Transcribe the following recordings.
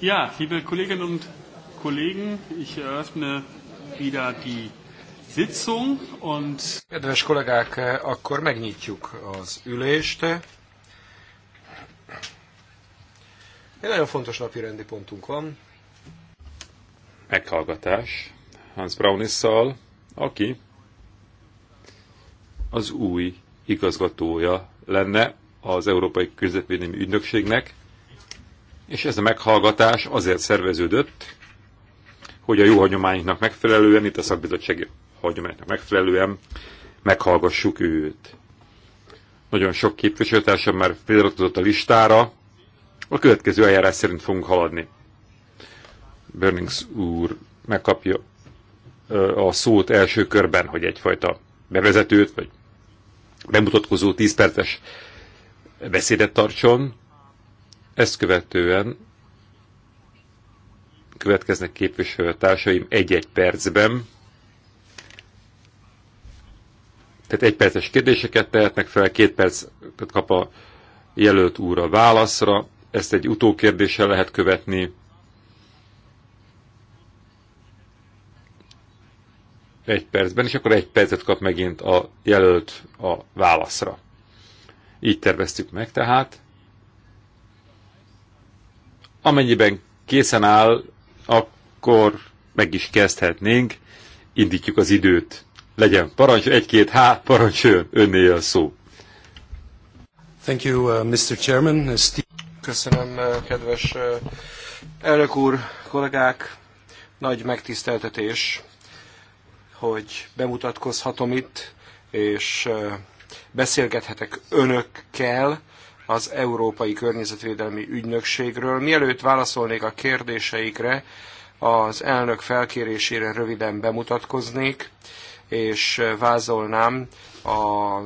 Ja, liebe Kolleginnen und Kollegen, ich eröffne wieder die Sitzung und Kedves kollégák, akkor megnyitjuk az ülést. Egy nagyon fontos napi rendi pontunk van. Meghallgatás Hans Braunisszal, aki az új igazgatója lenne az Európai Közvetvédelmi Ügynökségnek, és ez a meghallgatás azért szerveződött, hogy a jó hagyományoknak megfelelően, itt a szakbizottsági hagyományoknak megfelelően meghallgassuk őt. Nagyon sok képviselőtársam már feliratkozott a listára, a következő eljárás szerint fogunk haladni. Burnings úr megkapja a szót első körben, hogy egyfajta bevezetőt, vagy bemutatkozó 10 perces beszédet tartson, ezt követően következnek képviselőtársaim egy-egy percben. Tehát egy perces kérdéseket tehetnek fel, két perc kap a jelölt úr a válaszra, ezt egy utókérdéssel lehet követni. Egy percben, és akkor egy percet kap megint a jelölt a válaszra. Így terveztük meg tehát. Amennyiben készen áll, akkor meg is kezdhetnénk, indítjuk az időt. Legyen parancs, egy-két, há, parancsön, önné a szó. Thank you, uh, Mr. Chairman. Uh, Steve. Köszönöm, uh, kedves uh, elnök úr, kollégák. Nagy megtiszteltetés, hogy bemutatkozhatom itt, és beszélgethetek önökkel az Európai Környezetvédelmi Ügynökségről. Mielőtt válaszolnék a kérdéseikre, az elnök felkérésére röviden bemutatkoznék, és vázolnám a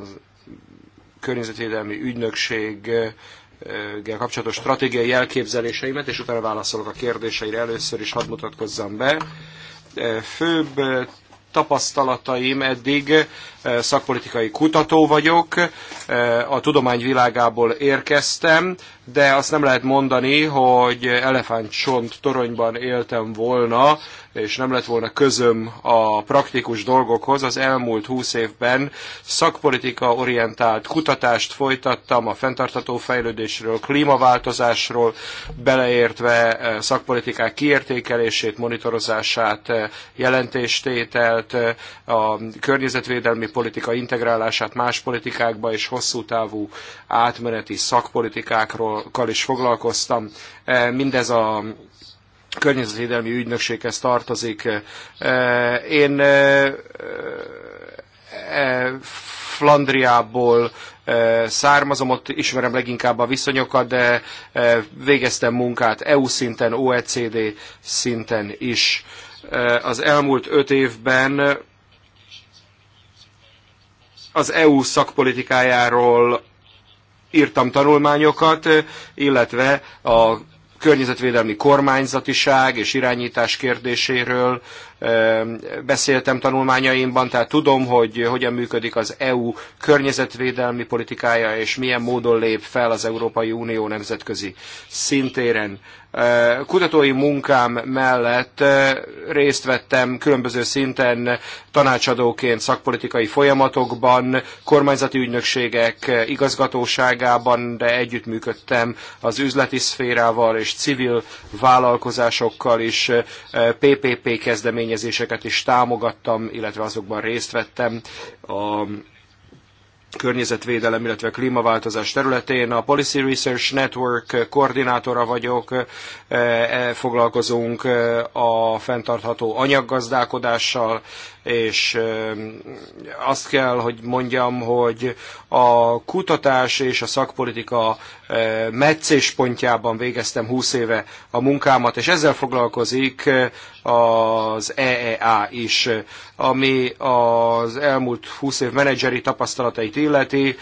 környezetvédelmi ügynökség kapcsolatos stratégiai elképzeléseimet, és utána válaszolok a kérdéseire. Először is hadd mutatkozzam be. Főbb tapasztalataim eddig, eh, szakpolitikai kutató vagyok, eh, a tudomány világából érkeztem, de azt nem lehet mondani, hogy elefántcsont toronyban éltem volna és nem lett volna közöm a praktikus dolgokhoz, az elmúlt húsz évben szakpolitika orientált kutatást folytattam a fenntartató fejlődésről, klímaváltozásról, beleértve eh, szakpolitikák kiértékelését, monitorozását, eh, jelentéstételt, eh, a környezetvédelmi politika integrálását más politikákba és hosszú távú átmeneti szakpolitikákról is foglalkoztam. Mindez a környezetvédelmi ügynökséghez tartozik. E, én e, e, Flandriából származom, ott ismerem leginkább a viszonyokat, de végeztem munkát EU szinten, OECD szinten is. Az elmúlt öt évben az EU szakpolitikájáról írtam tanulmányokat, illetve a környezetvédelmi kormányzatiság és irányítás kérdéséről, beszéltem tanulmányaimban, tehát tudom, hogy hogyan működik az EU környezetvédelmi politikája, és milyen módon lép fel az Európai Unió nemzetközi szintéren. Kutatói munkám mellett részt vettem különböző szinten tanácsadóként szakpolitikai folyamatokban, kormányzati ügynökségek igazgatóságában, de együttműködtem az üzleti szférával és civil vállalkozásokkal is, PPP kezdeményezésekkel, kezdeményezéseket is támogattam, illetve azokban részt vettem a környezetvédelem, illetve klímaváltozás területén. A Policy Research Network koordinátora vagyok, eh, eh, foglalkozunk eh, a fenntartható anyaggazdálkodással, és azt kell, hogy mondjam, hogy a kutatás és a szakpolitika meccéspontjában végeztem 20 éve a munkámat, és ezzel foglalkozik az EEA is, ami az elmúlt 20 év menedzseri tapasztalatait illeti.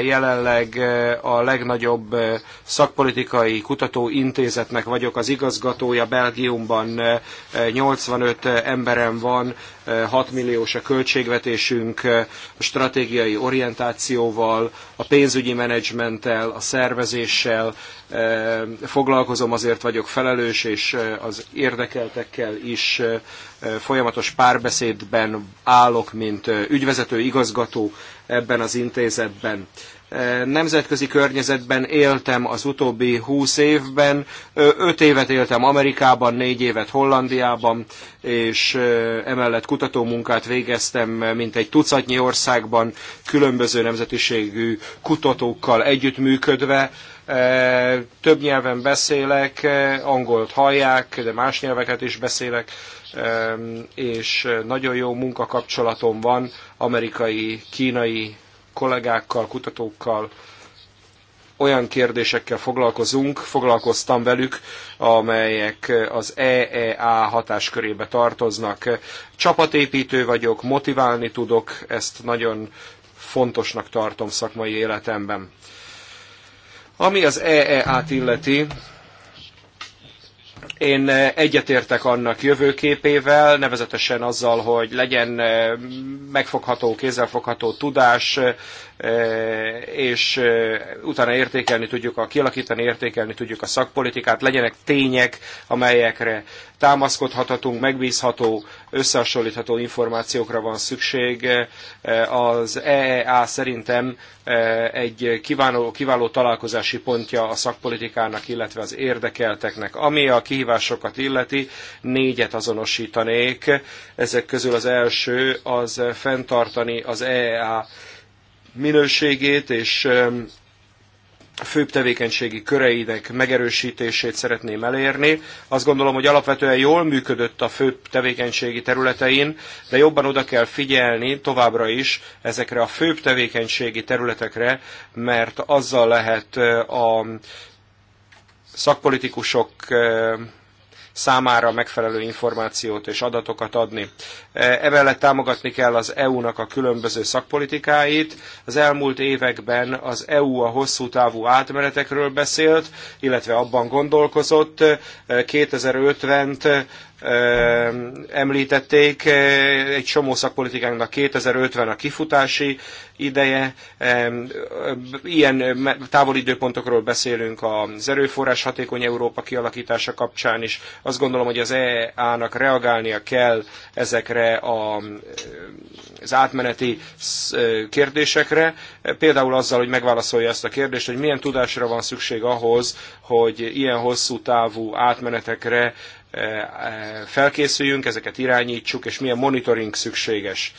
Jelenleg eh, a legnagyobb eh, szakpolitikai kutatóintézetnek vagyok az igazgatója. Belgiumban 85 eh, emberem van, 6 milliós a költségvetésünk a stratégiai orientációval, a pénzügyi menedzsmenttel, a szervezéssel foglalkozom, azért vagyok felelős, és az érdekeltekkel is folyamatos párbeszédben állok, mint ügyvezető igazgató ebben az intézetben. E, nemzetközi környezetben éltem az utóbbi húsz évben, öt évet éltem Amerikában, négy évet Hollandiában, és e, emellett kutatómunkát végeztem, e, mint egy tucatnyi országban, különböző nemzetiségű kutatókkal együttműködve több nyelven beszélek, angolt hallják, de más nyelveket is beszélek, és nagyon jó munkakapcsolatom van amerikai, kínai kollégákkal, kutatókkal, olyan kérdésekkel foglalkozunk, foglalkoztam velük, amelyek az EEA hatáskörébe tartoznak. Csapatépítő vagyok, motiválni tudok, ezt nagyon fontosnak tartom szakmai életemben. Ami az EEA-t illeti, én eh, egyetértek annak jövőképével, nevezetesen azzal, hogy legyen eh, megfogható, kézzelfogható tudás, és utána értékelni tudjuk, a, kialakítani értékelni tudjuk a szakpolitikát, legyenek tények, amelyekre támaszkodhatatunk, megbízható, összehasonlítható információkra van szükség. Az EEA szerintem egy kiváló, kiváló találkozási pontja a szakpolitikának, illetve az érdekelteknek. Ami a kihívásokat illeti, négyet azonosítanék. Ezek közül az első az fenntartani az EEA minőségét és főbb tevékenységi köreinek megerősítését szeretném elérni. Azt gondolom, hogy alapvetően jól működött a főbb tevékenységi területein, de jobban oda kell figyelni továbbra is ezekre a főbb tevékenységi területekre, mert azzal lehet a szakpolitikusok számára megfelelő információt és adatokat adni. Evellett támogatni kell az EU-nak a különböző szakpolitikáit. Az elmúlt években az EU a hosszú távú átmenetekről beszélt, illetve abban gondolkozott 2050-t e, említették, egy csomó szakpolitikánknak 2050 a kifutási ideje, ilyen távolidőpontokról beszélünk az erőforrás hatékony Európa kialakítása kapcsán is. Azt gondolom, hogy az EA-nak reagálnia kell ezekre a, az átmeneti kérdésekre, például azzal, hogy megválaszolja ezt a kérdést, hogy milyen tudásra van szükség ahhoz, hogy ilyen hosszú távú átmenetekre E, e, felkészüljünk, ezeket irányítsuk, és milyen monitoring szükséges.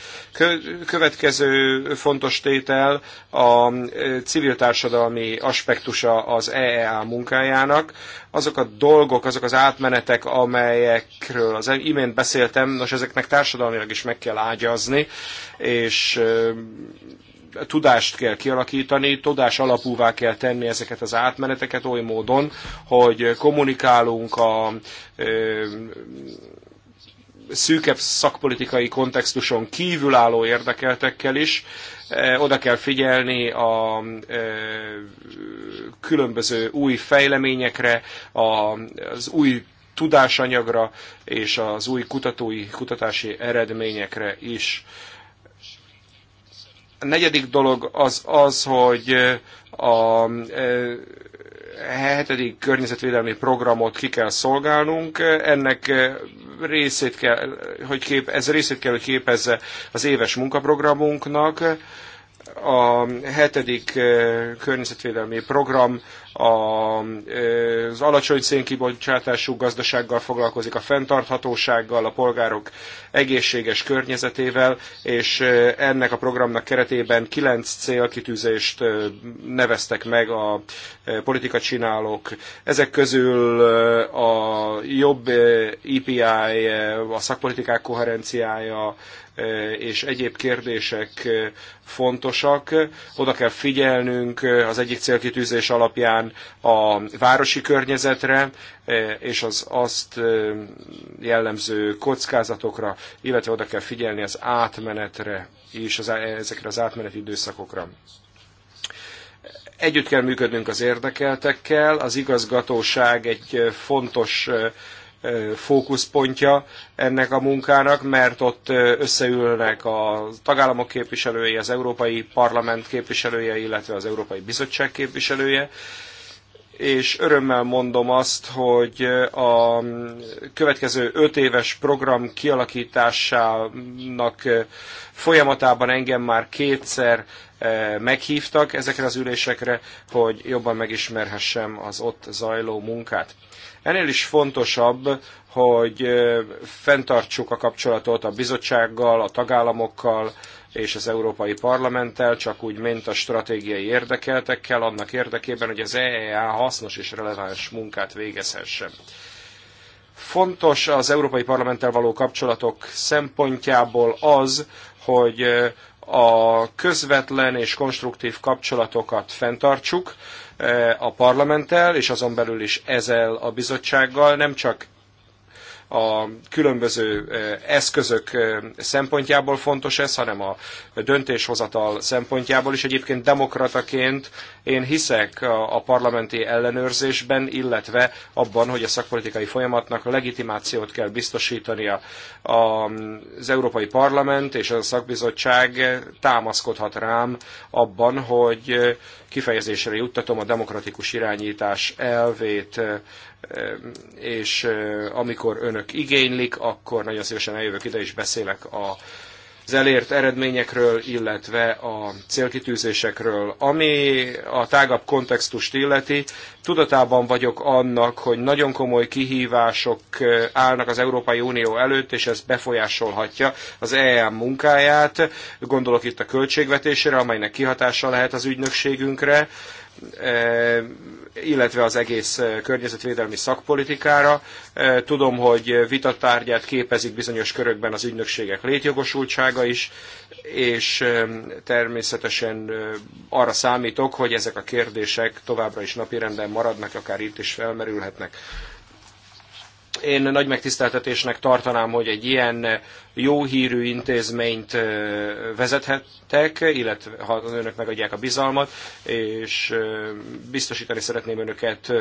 Következő fontos tétel a e, civil társadalmi aspektusa az EEA munkájának. Azok a dolgok, azok az átmenetek, amelyekről az imént beszéltem, nos, ezeknek társadalmilag is meg kell ágyazni, és tudást kell kialakítani, tudás alapúvá kell tenni ezeket az átmeneteket oly módon, hogy kommunikálunk a szűkebb szakpolitikai kontextuson kívülálló érdekeltekkel is. Oda kell figyelni a különböző új fejleményekre, az új tudásanyagra és az új kutatói, kutatási eredményekre is. A negyedik dolog az az, hogy a hetedik környezetvédelmi programot ki kell szolgálnunk. Ennek részét kell, hogy kép, ez részét kell, hogy képezze az éves munkaprogramunknak. A hetedik környezetvédelmi program az alacsony szénkibocsátású gazdasággal foglalkozik, a fenntarthatósággal, a polgárok egészséges környezetével, és ennek a programnak keretében kilenc célkitűzést neveztek meg a csinálók. Ezek közül a jobb EPI, a szakpolitikák koherenciája, és egyéb kérdések fontosak. Oda kell figyelnünk az egyik célkitűzés alapján nyilván a városi környezetre e, és az azt e, jellemző kockázatokra, illetve oda kell figyelni az átmenetre és az, ezekre az átmeneti időszakokra. Együtt kell működnünk az érdekeltekkel, az igazgatóság egy e, fontos fókuszpontja ennek a munkának, mert ott összeülnek a tagállamok képviselői, az Európai Parlament képviselője, illetve az Európai Bizottság képviselője, és örömmel mondom azt, hogy a következő öt éves program kialakításának folyamatában engem már kétszer meghívtak ezekre az ülésekre, hogy jobban megismerhessem az ott zajló munkát. Ennél is fontosabb, hogy fenntartsuk a kapcsolatot a bizottsággal, a tagállamokkal, és az Európai Parlamenttel, csak úgy, mint a stratégiai érdekeltekkel, annak érdekében, hogy az EEA hasznos és releváns munkát végezhessen. Fontos az Európai Parlamenttel való kapcsolatok szempontjából az, hogy a közvetlen és konstruktív kapcsolatokat fenntartsuk a parlamenttel, és azon belül is ezzel a bizottsággal, nem csak a különböző eszközök szempontjából fontos ez, hanem a döntéshozatal szempontjából is. Egyébként demokrataként én hiszek a parlamenti ellenőrzésben, illetve abban, hogy a szakpolitikai folyamatnak legitimációt kell biztosítania. Az Európai Parlament és a szakbizottság támaszkodhat rám abban, hogy kifejezésre juttatom a demokratikus irányítás elvét és amikor önök igénylik, akkor nagyon szívesen eljövök ide, és beszélek a az elért eredményekről, illetve a célkitűzésekről. Ami a tágabb kontextust illeti, tudatában vagyok annak, hogy nagyon komoly kihívások állnak az Európai Unió előtt, és ez befolyásolhatja az EEM munkáját. Gondolok itt a költségvetésére, amelynek kihatása lehet az ügynökségünkre illetve az egész eh, környezetvédelmi szakpolitikára. Eh, tudom, hogy vitatárgyát képezik bizonyos körökben az ügynökségek létjogosultsága is, és eh, természetesen arra számítok, hogy ezek a kérdések továbbra is napirenden maradnak, akár itt is felmerülhetnek. Én nagy megtiszteltetésnek tartanám, hogy egy ilyen jó hírű intézményt vezethettek, illetve ha önök megadják a bizalmat, és biztosítani szeretném önöket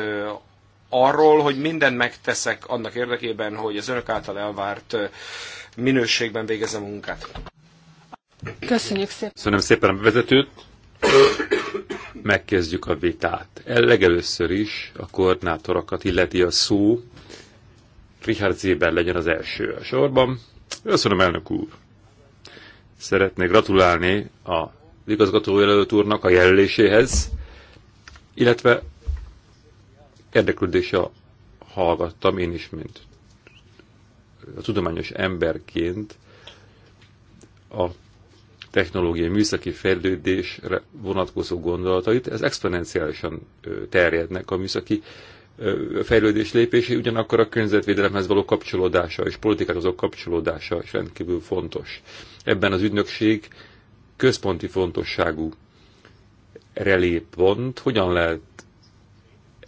arról, hogy mindent megteszek annak érdekében, hogy az önök által elvárt minőségben végezze a munkát. Köszönjük szépen. Köszönöm szépen a Megkezdjük a vitát. El legelőször is a koordinátorokat illeti a szó. Richard Zéber legyen az első a sorban. Köszönöm, elnök úr! Szeretnék gratulálni a igazgatójelölt úrnak a jelöléséhez, illetve érdeklődése hallgattam én is, mint a tudományos emberként a technológiai műszaki fejlődésre vonatkozó gondolatait, ez exponenciálisan terjednek a műszaki fejlődés lépési, ugyanakkor a környezetvédelemhez való kapcsolódása és politikához való kapcsolódása is rendkívül fontos. Ebben az ügynökség központi fontosságú relépont, hogyan lehet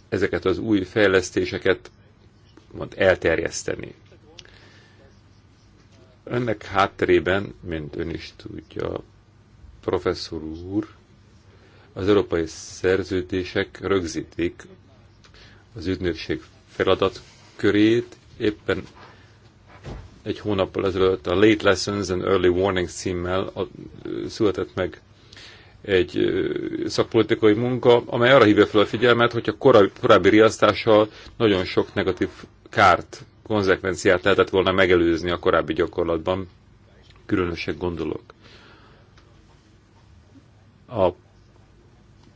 ezeket az új fejlesztéseket mond, elterjeszteni. Önnek hátterében, mint ön is tudja, professzor úr, az európai szerződések rögzítik az ügynökség feladat körét. Éppen egy hónappal ezelőtt a Late Lessons and Early Warnings címmel a, született meg egy szakpolitikai munka, amely arra hívja fel a figyelmet, hogy a korábbi, korábbi riasztással nagyon sok negatív kárt, konzekvenciát lehetett volna megelőzni a korábbi gyakorlatban. Különösen gondolok a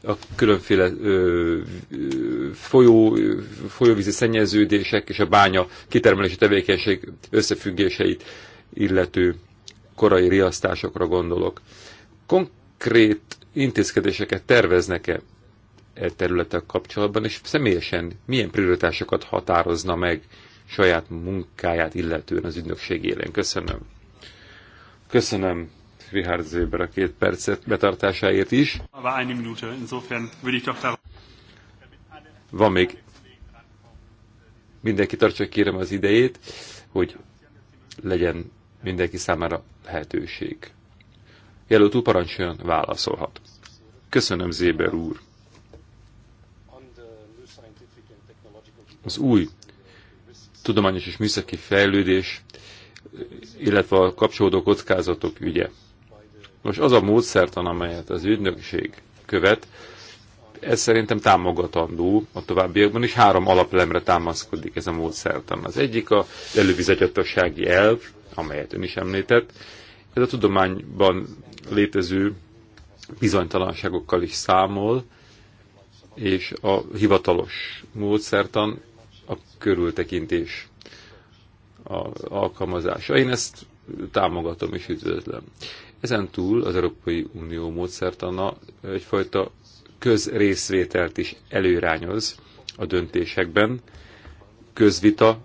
a különféle ö, folyó, folyóvízi szennyeződések és a bánya kitermelési tevékenység összefüggéseit illető korai riasztásokra gondolok. Konkrét intézkedéseket terveznek-e e területek kapcsolatban, és személyesen milyen prioritásokat határozna meg saját munkáját illetően az ügynökség élén? Köszönöm. Köszönöm Richard Zéber a két percet betartásáért is. Van még. Mindenki tartsa kérem az idejét, hogy legyen mindenki számára lehetőség. Jelölt úr parancsoljon, válaszolhat. Köszönöm, Zéber úr. Az új tudományos és műszaki fejlődés, illetve a kapcsolódó kockázatok ügye. Most az a módszertan, amelyet az ügynökség követ, ez szerintem támogatandó a továbbiakban is. Három alapelemre támaszkodik ez a módszertan. Az egyik a elővizetjatossági elv, amelyet ön is említett. Ez a tudományban létező bizonytalanságokkal is számol, és a hivatalos módszertan a körültekintés a alkalmazása. Én ezt támogatom és üdvözlöm. Ezen túl az Európai Unió módszertana egyfajta közrészvételt is előrányoz a döntésekben, közvita,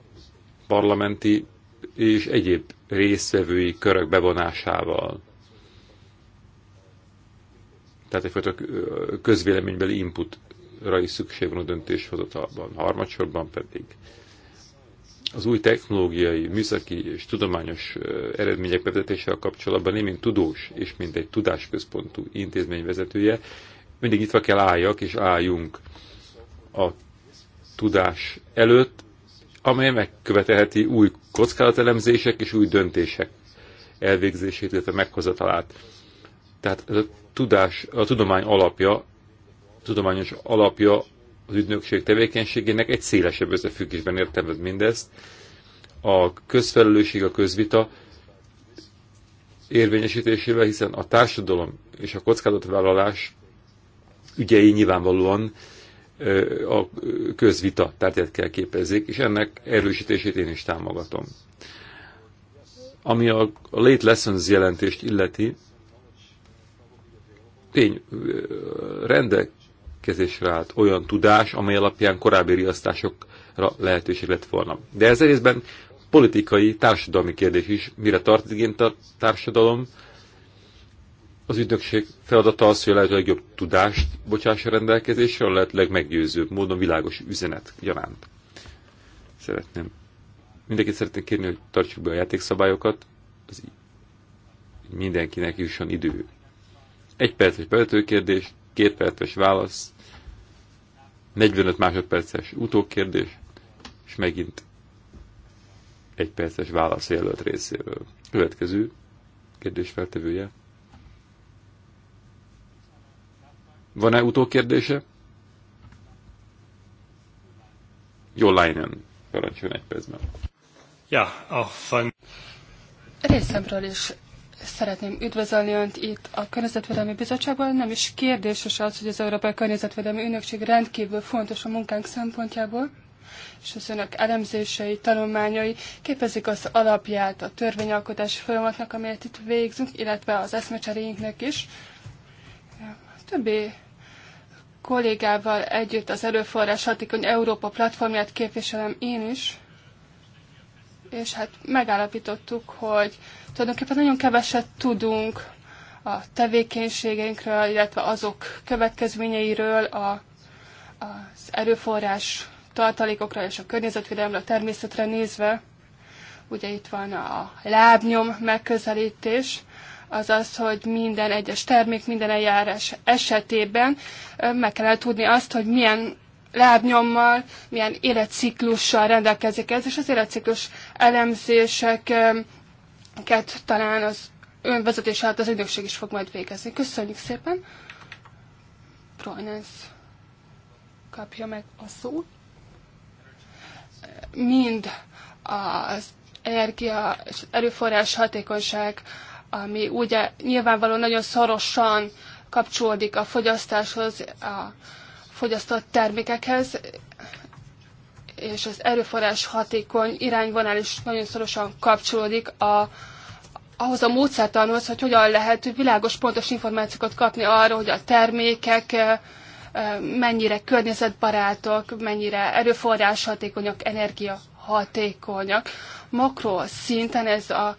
parlamenti és egyéb részvevői körök bevonásával. Tehát egyfajta közvéleménybeli inputra is szükség van a döntéshozatalban. Harmadsorban pedig az új technológiai, műszaki és tudományos eredmények bevezetésével kapcsolatban én, mint tudós és mint egy tudásközpontú intézmény vezetője, mindig nyitva kell álljak és álljunk a tudás előtt, amely megkövetelheti új kockázatelemzések és új döntések elvégzését, illetve meghozatalát. Tehát ez a tudás, a tudomány alapja, a tudományos alapja az ügynökség tevékenységének egy szélesebb összefüggésben értelmez mindezt. A közfelelősség, a közvita érvényesítésével, hiszen a társadalom és a kockázatvállalás ügyei nyilvánvalóan a közvita tárgyát kell képezzék, és ennek erősítését én is támogatom. Ami a Late Lessons jelentést illeti, tény, rendek, rendelkezésre állt olyan tudás, amely alapján korábbi riasztásokra lehetőség lett volna. De ez részben politikai, társadalmi kérdés is, mire tart igényt a társadalom. Az ügynökség feladata az, hogy a lehető legjobb tudást bocsássa rendelkezésre, a lehető legmeggyőzőbb módon világos üzenet gyanánt. Szeretném. Mindenkit szeretném kérni, hogy tartsuk be a játékszabályokat. Az mindenkinek jusson idő. Egy perces bevetőkérdés, két perces válasz, 45 másodperces utókérdés, és megint egy perces válasz jelölt részéről. Következő kérdés feltevője. Van-e utókérdése? lányom, parancsoljon egy percben. Ja, a fan. Részemről is Szeretném üdvözölni Önt itt a Környezetvédelmi Bizottságban. Nem is kérdéses az, hogy az Európai Környezetvédelmi Ünökség rendkívül fontos a munkánk szempontjából, és az Önök elemzései, tanulmányai képezik az alapját a törvényalkotási folyamatnak, amelyet itt végzünk, illetve az eszmecseréinknek is. A többi kollégával együtt az Erőforrás Hatékony Európa platformját képviselem én is, és hát megállapítottuk, hogy tulajdonképpen nagyon keveset tudunk a tevékenységeinkről, illetve azok következményeiről, a, az erőforrás tartalékokra és a környezetvédelemre, a természetre nézve. Ugye itt van a lábnyom megközelítés, azaz, hogy minden egyes termék, minden eljárás esetében meg kell tudni azt, hogy milyen lábnyommal, milyen életciklussal rendelkezik ez, és az életciklus elemzéseket talán az önvezetés alatt az ügynökség is fog majd végezni. Köszönjük szépen! Projnens kapja meg a szót. Mind az energia és az erőforrás hatékonyság, ami ugye nyilvánvalóan nagyon szorosan kapcsolódik a fogyasztáshoz, a fogyasztott termékekhez, és az erőforrás hatékony irányvonal is nagyon szorosan kapcsolódik a, ahhoz a módszertanhoz, hogy hogyan lehet világos, pontos információkat kapni arról, hogy a termékek mennyire környezetbarátok, mennyire erőforrás hatékonyak, energia hatékonyak. Makro szinten ez a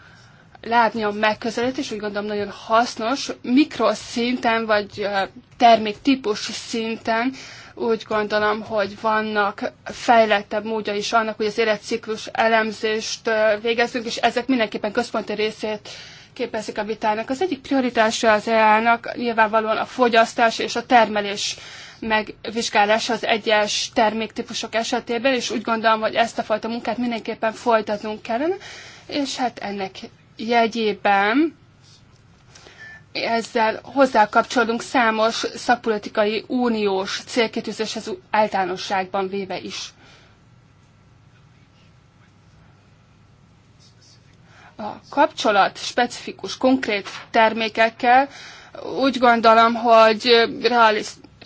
látni a megközelítés, úgy gondolom nagyon hasznos, mikroszinten vagy terméktípus szinten úgy gondolom, hogy vannak fejlettebb módja is annak, hogy az életciklus elemzést végezzünk, és ezek mindenképpen központi részét képezik a vitának. Az egyik prioritása az EA-nak nyilvánvalóan a fogyasztás és a termelés megvizsgálása az egyes terméktípusok esetében, és úgy gondolom, hogy ezt a fajta munkát mindenképpen folytatnunk kellene, és hát ennek jegyében ezzel hozzákapcsolódunk számos szakpolitikai uniós célkitűzéshez általánosságban véve is. A kapcsolat specifikus, konkrét termékekkel úgy gondolom, hogy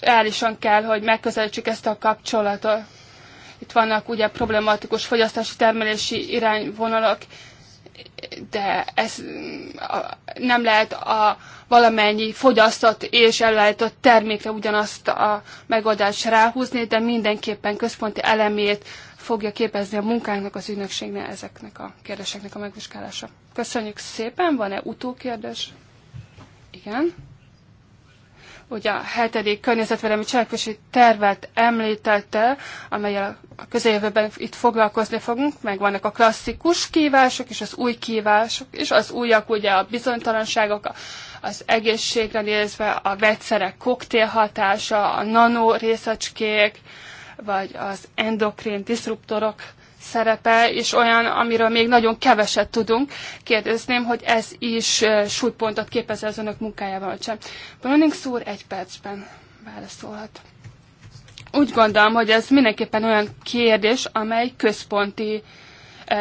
reálisan kell, hogy megközelítsük ezt a kapcsolatot. Itt vannak ugye problematikus fogyasztási termelési irányvonalak, de ez nem lehet a valamennyi fogyasztott és előállított termékre ugyanazt a megoldást ráhúzni, de mindenképpen központi elemét fogja képezni a munkának az ügynökségnél ezeknek a kérdéseknek a megvizsgálása. Köszönjük szépen, van-e utókérdés? Igen ugye a hetedik környezetvédelmi cselekvési tervet említette, amelyel a közeljövőben itt foglalkozni fogunk, meg vannak a klasszikus kívások és az új kívások, és az újak ugye a bizonytalanságok, az egészségre nézve a vegyszerek koktélhatása, a nanorészecskék, vagy az endokrin diszruptorok szerepe, és olyan, amiről még nagyon keveset tudunk. Kérdezném, hogy ez is súlypontot képez az önök munkájával, vagy sem. Browning szúr egy percben válaszolhat. Úgy gondolom, hogy ez mindenképpen olyan kérdés, amely központi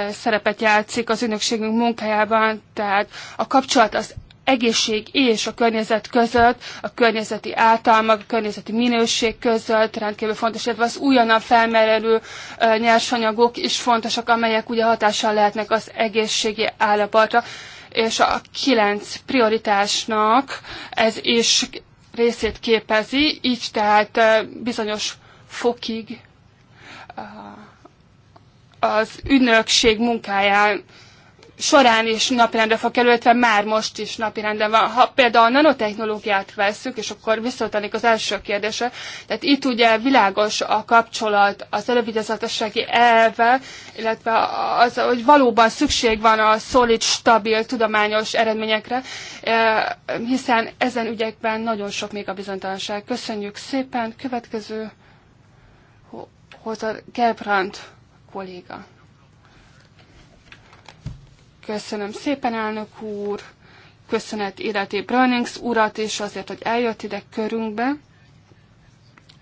szerepet játszik az ünökségünk munkájában, tehát a kapcsolat az egészség és a környezet között, a környezeti általmak, a környezeti minőség között rendkívül fontos, illetve az újonnan felmerülő nyersanyagok is fontosak, amelyek ugye hatással lehetnek az egészségi állapotra, és a kilenc prioritásnak ez is részét képezi, így tehát bizonyos fokig az ügynökség munkáján során is napirendre fog kerülni, már most is napirenden van. Ha például a nanotechnológiát veszük, és akkor visszatérnék az első kérdése, tehát itt ugye világos a kapcsolat az elővigyázatossági elve, illetve az, hogy valóban szükség van a szolid, stabil, tudományos eredményekre, e, hiszen ezen ügyekben nagyon sok még a bizonytalanság. Köszönjük szépen. Következő hozzá Gerbrand kolléga. Köszönöm szépen, elnök úr! Köszönet életé Brönings urat is azért, hogy eljött ide körünkbe.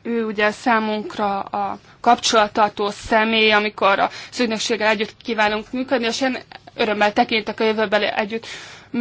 Ő ugye számunkra a kapcsolattartó személy, amikor a szügynökséggel együtt kívánunk működni, és én örömmel tekintek a jövőbeli együtt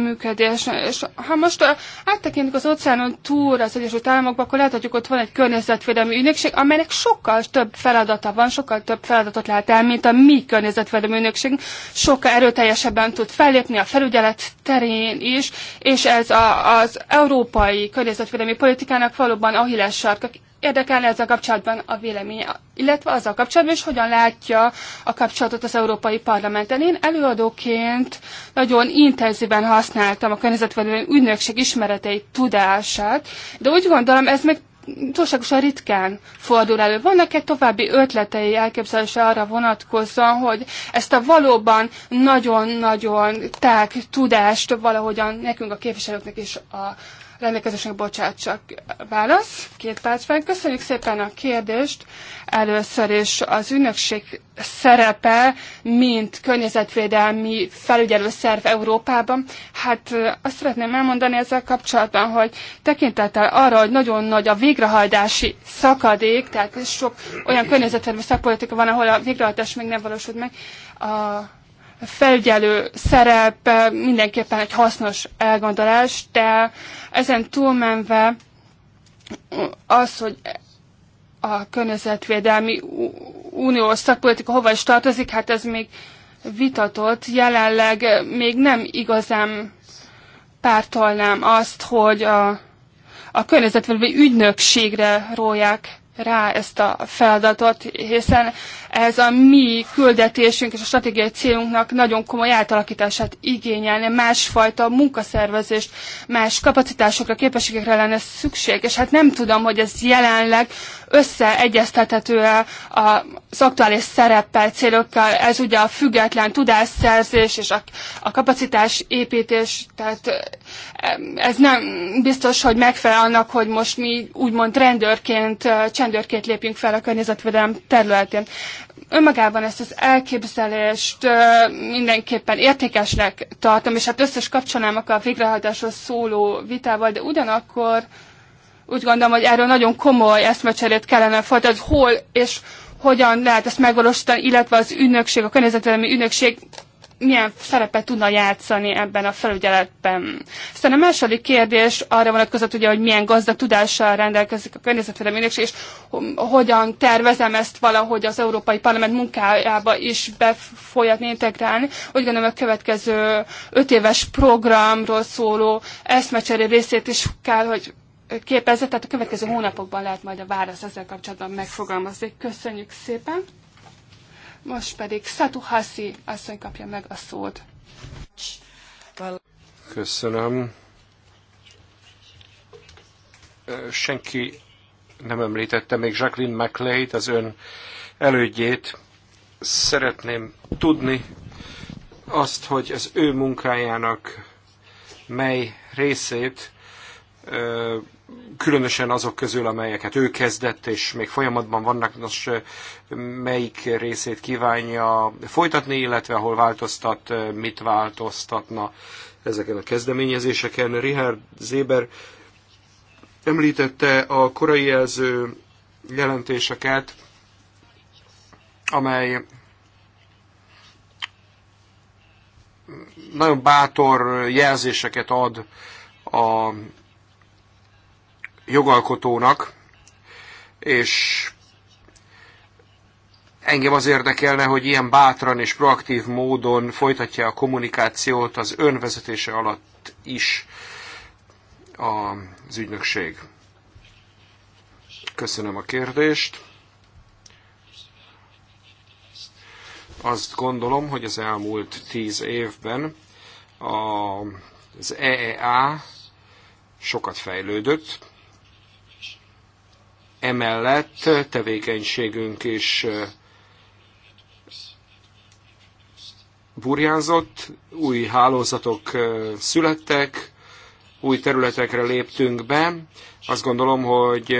működés. És ha most áttekintünk az óceánon túl az Egyesült Államokba, akkor láthatjuk, ott van egy környezetvédelmi ügynökség, amelynek sokkal több feladata van, sokkal több feladatot lát el, mint a mi környezetvédelmi ügynökség. Sokkal erőteljesebben tud fellépni a felügyelet terén is, és ez a, az európai környezetvédelmi politikának valóban ahilles sarkak érdekelne ezzel kapcsolatban a véleménye, illetve azzal kapcsolatban is, hogyan látja a kapcsolatot az Európai Parlamenten. Én előadóként nagyon intenzíven használtam a környezetvédelmi ügynökség ismeretei tudását, de úgy gondolom, ez még túlságosan ritkán fordul elő. Vannak-e további ötletei, elképzelése arra vonatkozóan, hogy ezt a valóban nagyon-nagyon tág tudást valahogyan nekünk a képviselőknek is a rendelkezésnek bocsátsak. Válasz, két percben. Köszönjük szépen a kérdést. Először is az ünnökség szerepe, mint környezetvédelmi szerv Európában. Hát azt szeretném elmondani ezzel kapcsolatban, hogy tekintettel arra, hogy nagyon nagy a végrehajtási szakadék, tehát sok olyan környezetvédelmi szakpolitika van, ahol a végrehajtás még nem valósult meg, a felügyelő szerep eh, mindenképpen egy hasznos elgondolás, de ezen túlmenve az, hogy a környezetvédelmi uniós szakpolitika hova is tartozik, hát ez még vitatott. Jelenleg még nem igazán pártolnám azt, hogy a, a környezetvédelmi ügynökségre róják rá ezt a feladatot, hiszen ez a mi küldetésünk és a stratégiai célunknak nagyon komoly átalakítását igényelne, másfajta munkaszervezést, más kapacitásokra, képességekre lenne szükség, és hát nem tudom, hogy ez jelenleg összeegyeztethető -e az aktuális szereppel, célokkal, ez ugye a független tudásszerzés és a, a kapacitás építés, tehát ez nem biztos, hogy megfelel annak, hogy most mi úgymond rendőrként, csendőrként lépjünk fel a környezetvédelem területén önmagában ezt az elképzelést mindenképpen értékesnek tartom, és hát összes kapcsolnám a végrehajtásról szóló vitával, de ugyanakkor úgy gondolom, hogy erről nagyon komoly eszmecserét kellene folytatni, hogy hol és hogyan lehet ezt megvalósítani, illetve az ünnökség, a környezetvédelmi ünnökség milyen szerepet tudna játszani ebben a felügyeletben. Aztán a második kérdés arra vonatkozott, ugye, hogy milyen gazdag tudással rendelkezik a környezetvédelmi ünnökség, és hogyan tervezem ezt valahogy az Európai Parlament munkájába is befolyatni, integrálni. Úgy gondolom, a következő öt éves programról szóló eszmecseré részét is kell, hogy képezze, tehát a következő hónapokban lehet majd a válasz ezzel kapcsolatban megfogalmazni. Köszönjük szépen! Most pedig Szatu Haszi asszony kapja meg a szót. Köszönöm. Senki nem említette még Jacqueline McLeod, az ön elődjét. Szeretném tudni azt, hogy az ő munkájának mely részét különösen azok közül, amelyeket ő kezdett, és még folyamatban vannak, nos, melyik részét kívánja folytatni, illetve hol változtat, mit változtatna ezeken a kezdeményezéseken. Richard Zéber említette a korai jelző jelentéseket, amely nagyon bátor jelzéseket ad a jogalkotónak, és engem az érdekelne, hogy ilyen bátran és proaktív módon folytatja a kommunikációt az önvezetése alatt is az ügynökség. Köszönöm a kérdést. Azt gondolom, hogy az elmúlt tíz évben az EEA sokat fejlődött, Emellett tevékenységünk is burjánzott, új hálózatok születtek, új területekre léptünk be. Azt gondolom, hogy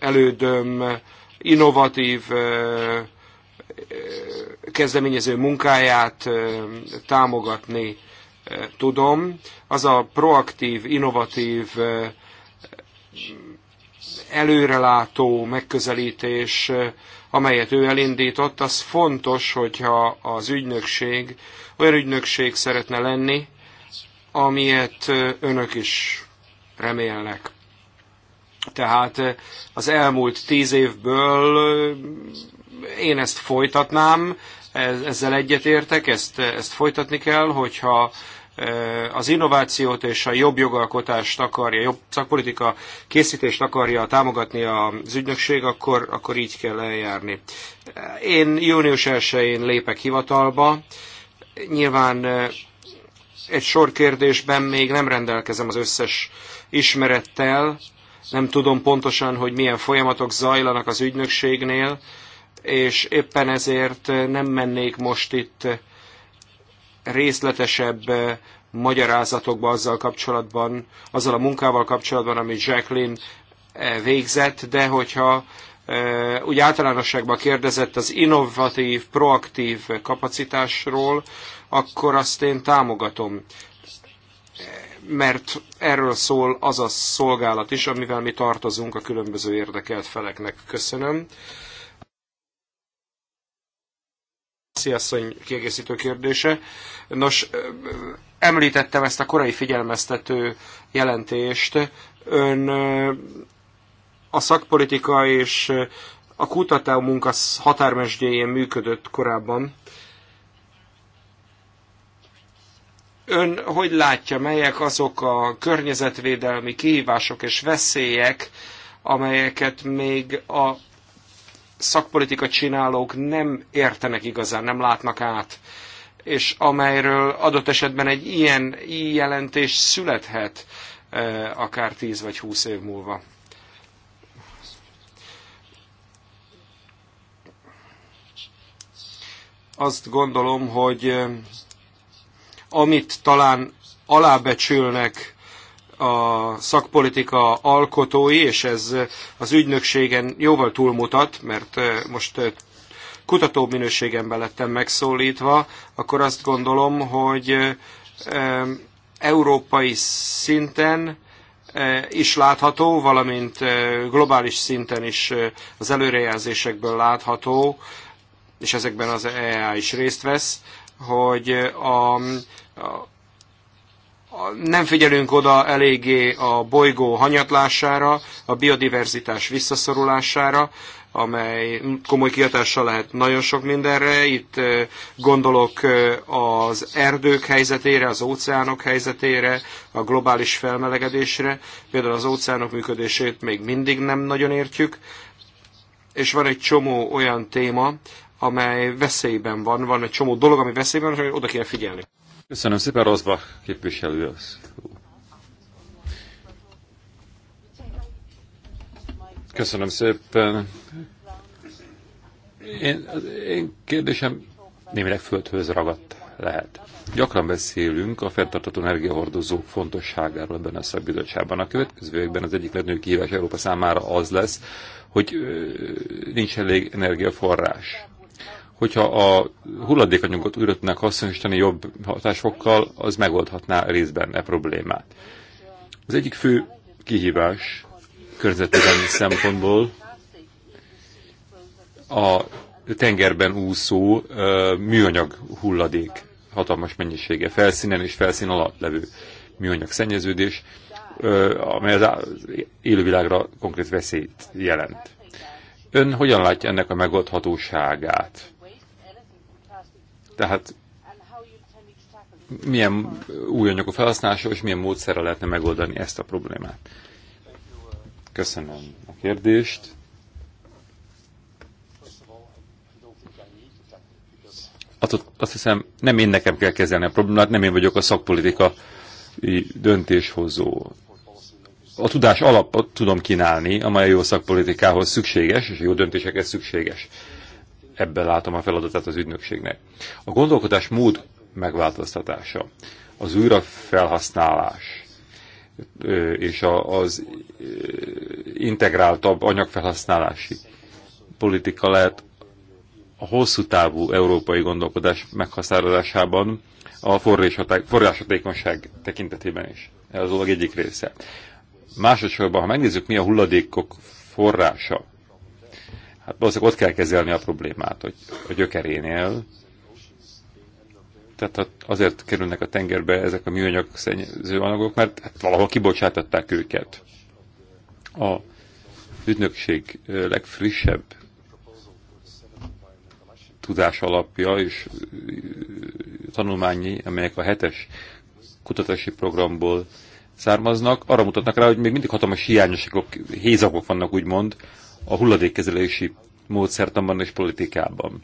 elődöm innovatív kezdeményező munkáját támogatni tudom. Az a proaktív, innovatív előrelátó megközelítés, amelyet ő elindított, az fontos, hogyha az ügynökség olyan ügynökség szeretne lenni, amilyet önök is remélnek. Tehát az elmúlt tíz évből én ezt folytatnám, ezzel egyetértek, ezt, ezt folytatni kell, hogyha az innovációt és a jobb jogalkotást akarja, jobb szakpolitika készítést akarja támogatni az ügynökség, akkor, akkor így kell eljárni. Én június 1-én lépek hivatalba. Nyilván eh, egy sor kérdésben még nem rendelkezem az összes ismerettel, nem tudom pontosan, hogy milyen folyamatok zajlanak az ügynökségnél, és éppen ezért eh, nem mennék most itt részletesebb eh, magyarázatokba azzal kapcsolatban, azzal a munkával kapcsolatban, amit Jacqueline eh, végzett, de hogyha eh, úgy általánosságban kérdezett az innovatív, proaktív kapacitásról, akkor azt én támogatom. Mert erről szól az a szolgálat is, amivel mi tartozunk a különböző érdekelt feleknek. Köszönöm. Sziasszony kiegészítő kérdése. Nos, említettem ezt a korai figyelmeztető jelentést. Ön a szakpolitika és a kutató munka határmesdjéjén működött korábban. Ön hogy látja, melyek azok a környezetvédelmi kihívások és veszélyek, amelyeket még a szakpolitika csinálók nem értenek igazán, nem látnak át, és amelyről adott esetben egy ilyen jelentés születhet e, akár 10 vagy 20 év múlva. Azt gondolom, hogy e, amit talán alábecsülnek a szakpolitika alkotói, és ez az ügynökségen jóval túlmutat, mert most kutató minőségemben lettem megszólítva, akkor azt gondolom, hogy európai szinten is látható, valamint globális szinten is az előrejelzésekből látható, és ezekben az EA is részt vesz, hogy a, a nem figyelünk oda eléggé a bolygó hanyatlására, a biodiverzitás visszaszorulására, amely komoly kihatással lehet nagyon sok mindenre. Itt gondolok az erdők helyzetére, az óceánok helyzetére, a globális felmelegedésre. Például az óceánok működését még mindig nem nagyon értjük. És van egy csomó olyan téma, amely veszélyben van, van egy csomó dolog, ami veszélyben van, és oda kell figyelni. Köszönöm szépen, Rozba képviselő az. Köszönöm szépen. Én, én kérdésem némileg földhöz ragadt lehet. Gyakran beszélünk a fenntartató energiahordozók fontosságáról ebben a szakbizottságban. A következő években az egyik legnagyobb kihívás Európa számára az lesz, hogy nincs elég energiaforrás hogyha a hulladékanyagot újra tudnak hasznosítani jobb hatásokkal, az megoldhatná részben e problémát. Az egyik fő kihívás környezetében szempontból a tengerben úszó műanyag hulladék hatalmas mennyisége, felszínen és felszín alatt levő műanyag szennyeződés, amely az élővilágra konkrét veszélyt jelent. Ön hogyan látja ennek a megoldhatóságát? Tehát milyen új anyagok felhasználása és milyen módszerrel lehetne megoldani ezt a problémát. Köszönöm a kérdést. Azt, azt hiszem, nem én nekem kell kezelni a problémát, nem én vagyok a szakpolitika döntéshozó. A tudás alapot tudom kínálni, amely a jó szakpolitikához szükséges, és a jó döntésekhez szükséges ebben látom a feladatát az ügynökségnek. A gondolkodás mód megváltoztatása, az újrafelhasználás és az integráltabb anyagfelhasználási politika lehet a hosszú távú európai gondolkodás meghatározásában a forráshatékonyság tekintetében is. Ez az egyik része. Másodszorban, ha megnézzük, mi a hulladékok forrása, Hát valószínűleg ott kell kezelni a problémát, hogy a gyökerénél. Tehát azért kerülnek a tengerbe ezek a műanyag szennyező anyagok, mert hát valahol kibocsátották őket. A ügynökség legfrissebb tudás alapja és tanulmányi, amelyek a hetes kutatási programból származnak, arra mutatnak rá, hogy még mindig hatalmas hiányosok, hézagok vannak úgymond a hulladékkezelési módszertanban és politikában.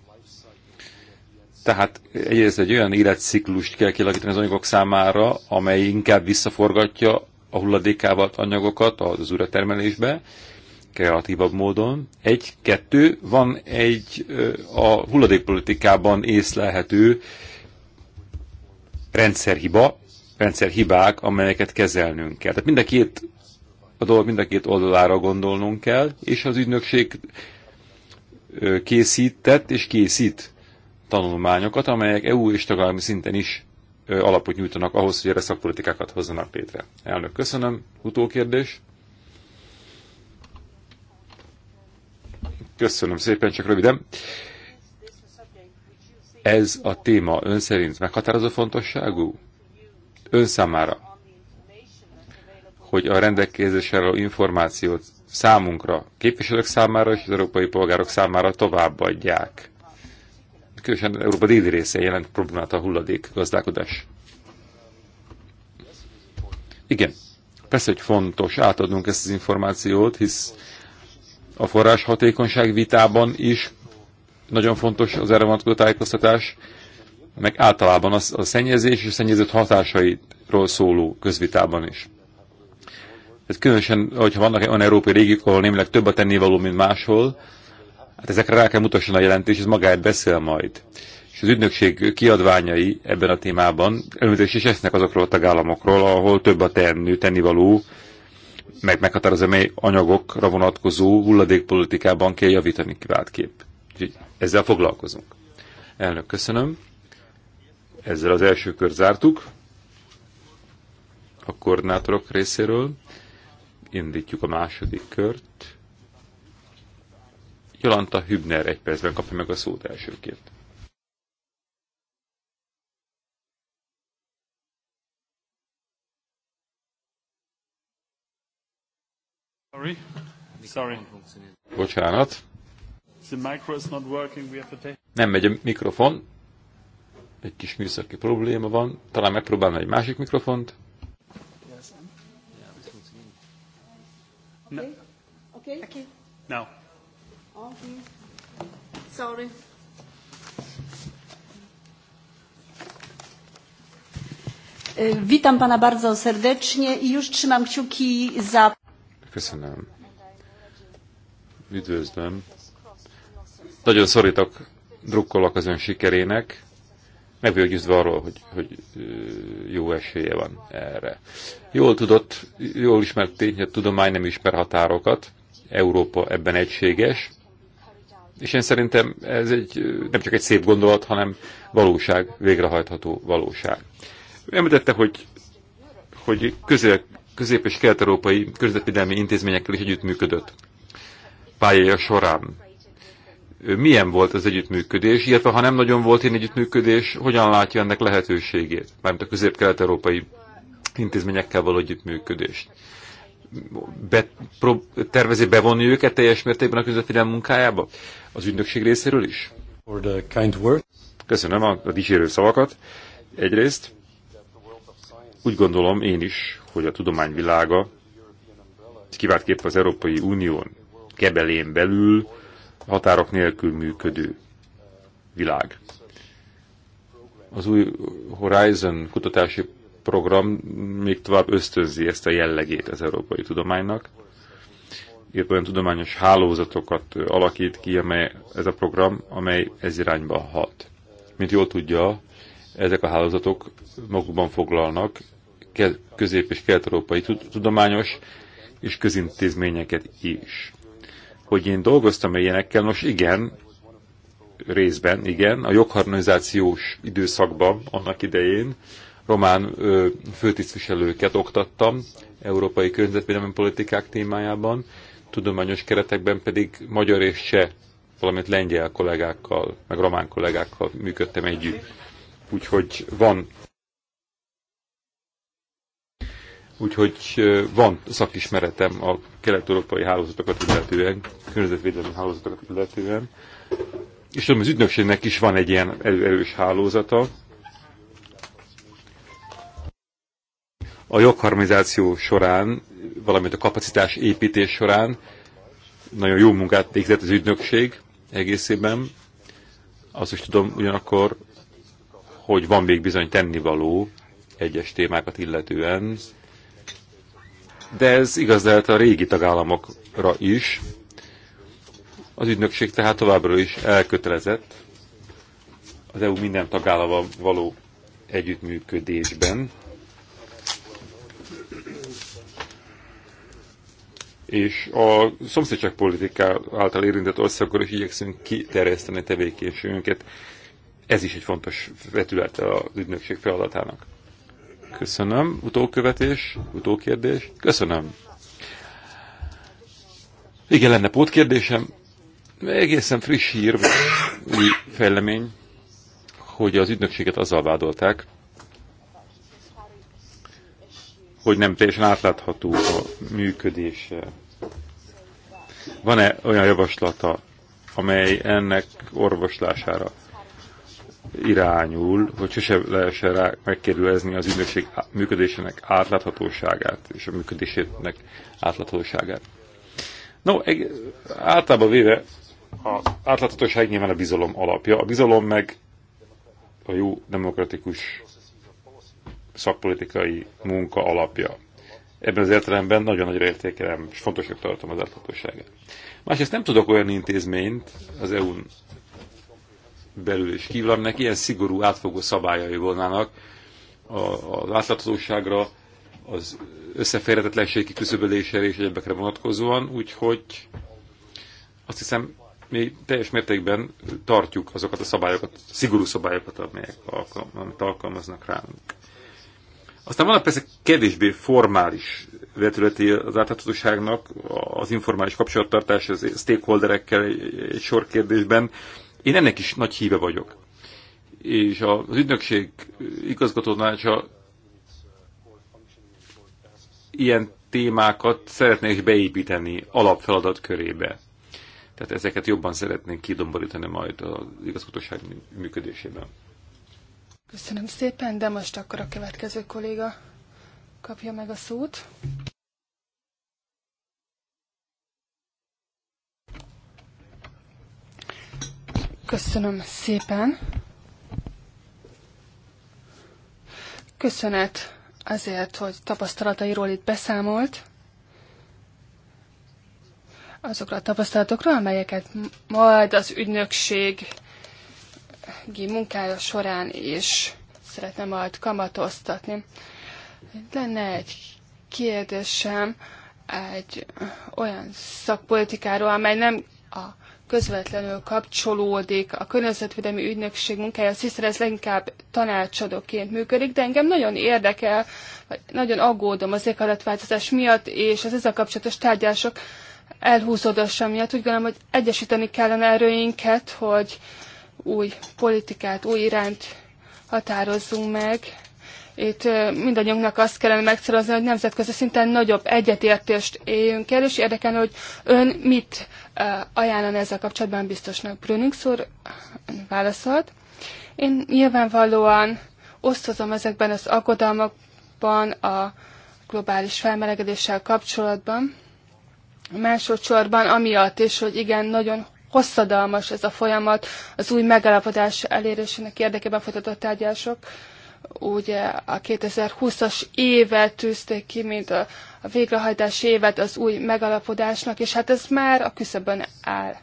Tehát egyrészt egy olyan életciklust kell kialakítani az anyagok számára, amely inkább visszaforgatja a hulladékával anyagokat az újratermelésbe, kreatívabb módon. Egy-kettő, van egy a hulladékpolitikában észlelhető rendszerhiba, rendszerhibák, amelyeket kezelnünk kell. Tehát mind a két a dolog mind a két oldalára gondolnunk kell, és az ügynökség készített és készít tanulmányokat, amelyek EU és tagállami szinten is alapot nyújtanak ahhoz, hogy erre szakpolitikákat hozzanak létre. Elnök, köszönöm. Utókérdés. Köszönöm szépen, csak röviden. Ez a téma ön szerint meghatározó fontosságú? Ön számára hogy a rendelkezésre álló információt számunkra, képviselők számára és az európai polgárok számára továbbadják. Különösen Európa déli része jelent problémát a hulladék gazdálkodás. Igen, persze, hogy fontos átadnunk ezt az információt, hisz a forrás hatékonyság vitában is nagyon fontos az erre vonatkozó tájékoztatás, meg általában a szennyezés és a szennyezett hatásairól szóló közvitában is. Ez különösen, hogyha vannak olyan európai régiók, ahol némileg több a tennivaló, mint máshol, hát ezekre rá kell mutasson a jelentés, ez magáért beszél majd. És az ügynökség kiadványai ebben a témában előzés is esznek azokról a tagállamokról, ahol több a tenni, tennivaló, meg meghatározó mely anyagokra vonatkozó hulladékpolitikában kell javítani kivált kép. Úgyhogy ezzel foglalkozunk. Elnök, köszönöm. Ezzel az első kör zártuk a koordinátorok részéről indítjuk a második kört. Jolanta Hübner egy percben kapja meg a szót elsőként. Sorry. Sorry. Bocsánat. Nem megy a mikrofon. Egy kis műszaki probléma van. Talán megpróbálna egy másik mikrofont. No. Okay? Okay. No. Okay. Sorry. E, witam Pana bardzo serdecznie i już trzymam kciuki za... Köszönöm. Üdvözlöm. Nagyon szorítok, drukkolok az ön sikerének meg vagyok győzve arról, hogy, hogy jó esélye van erre. Jól tudott, jól ismert tény, hogy a tudomány nem ismer határokat, Európa ebben egységes, és én szerintem ez egy, nem csak egy szép gondolat, hanem valóság, végrehajtható valóság. Említette, hogy, hogy közé, közép- és kelet-európai közvetvédelmi intézményekkel is együttműködött pályája során milyen volt az együttműködés, illetve ha nem nagyon volt én együttműködés, hogyan látja ennek lehetőségét, mármint a közép-kelet-európai intézményekkel való együttműködést. Be, pro, tervezi bevonni őket teljes mértékben a közvetlen munkájába? Az ügynökség részéről is? For the kind word. Köszönöm a, a dicsérő szavakat. Egyrészt úgy gondolom én is, hogy a tudomány világa kiváltképp az Európai Unión kebelén belül határok nélkül működő világ. Az új Horizon kutatási program még tovább ösztönzi ezt a jellegét az európai tudománynak, Épp olyan tudományos hálózatokat alakít ki, amely, ez a program, amely ez irányba hat. Mint jól tudja, ezek a hálózatok magukban foglalnak közép- és kelet-európai tudományos és közintézményeket is hogy én dolgoztam -e ilyenekkel, most igen, részben, igen, a jogharmonizációs időszakban annak idején román ö, főtisztviselőket oktattam európai környezetvédelmi politikák témájában, tudományos keretekben pedig magyar és cseh, valamint lengyel kollégákkal, meg román kollégákkal működtem együtt. Úgyhogy van úgyhogy van szakismeretem a kelet-európai hálózatokat illetően, környezetvédelmi hálózatokat illetően, és tudom, az ügynökségnek is van egy ilyen erős hálózata. A jogharmonizáció során, valamint a kapacitás építés során nagyon jó munkát végzett az ügynökség egészében. Azt is tudom ugyanakkor, hogy van még bizony tennivaló egyes témákat illetően, de ez igaz lehet a régi tagállamokra is. Az ügynökség tehát továbbra is elkötelezett az EU minden tagállama való együttműködésben. És a szomszédságpolitiká által érintett országokra is igyekszünk kiterjeszteni tevékenységünket. Ez is egy fontos vetület az ügynökség feladatának. Köszönöm. Utókövetés, utókérdés. Köszönöm. Igen, lenne pótkérdésem. Egészen friss hír, új fejlemény, hogy az ügynökséget azzal vádolták, hogy nem teljesen átlátható a működése. Van-e olyan javaslata, amely ennek orvoslására irányul, hogy sose lehessen rá megkérdőlezni az ügynökség működésének átláthatóságát és a működésének átláthatóságát. No, egy, általában véve az átláthatóság nyilván a bizalom alapja. A bizalom meg a jó demokratikus szakpolitikai munka alapja. Ebben az értelemben nagyon nagyra értékelem, és fontosnak tartom az átláthatóságát. Másrészt nem tudok olyan intézményt az EU-n belül és kívül, aminek ilyen szigorú átfogó szabályai volnának a, az átláthatóságra, az összeférhetetlenség kiküszöbölésére és egyebekre vonatkozóan, úgyhogy azt hiszem, mi teljes mértékben tartjuk azokat a szabályokat, szigorú szabályokat, amelyek amit alkalmaznak ránk. Aztán vannak persze kevésbé formális vetületi az átláthatóságnak, az informális kapcsolattartás az stakeholderekkel egy sor kérdésben, én ennek is nagy híve vagyok. És az ügynökség igazgatónácsa ilyen témákat szeretnék beépíteni alapfeladat körébe. Tehát ezeket jobban szeretnénk kidomborítani majd az igazgatóság működésében. Köszönöm szépen, de most akkor a következő kolléga kapja meg a szót. Köszönöm szépen. Köszönet azért, hogy tapasztalatairól itt beszámolt. Azokra a tapasztalatokra, amelyeket majd az ügynökség munkája során is szeretne majd kamatoztatni. Lenne egy kérdésem egy olyan szakpolitikáról, amely nem a közvetlenül kapcsolódik a környezetvédelmi ügynökség munkájához, hiszen ez leginkább tanácsadóként működik, de engem nagyon érdekel, vagy nagyon aggódom az éghajlatváltozás miatt, és az ezzel kapcsolatos tárgyások elhúzódása miatt. Úgy gondolom, hogy egyesíteni kellene erőinket, hogy új politikát, új irányt határozzunk meg, itt mindannyiunknak azt kellene megszerezni, hogy nemzetközi szinten nagyobb egyetértést éljünk el, és érdekelne, hogy ön mit ajánlana ezzel kapcsolatban biztosnak. Brünings úr válaszolt. Én nyilvánvalóan osztozom ezekben az aggodalmakban a globális felmelegedéssel kapcsolatban. Másodszorban amiatt is, hogy igen, nagyon hosszadalmas ez a folyamat, az új megállapodás elérésének érdekében folytatott tárgyalások ugye a 2020-as évet tűzték ki, mint a, a végrehajtás évet az új megalapodásnak, és hát ez már a küszöbön áll.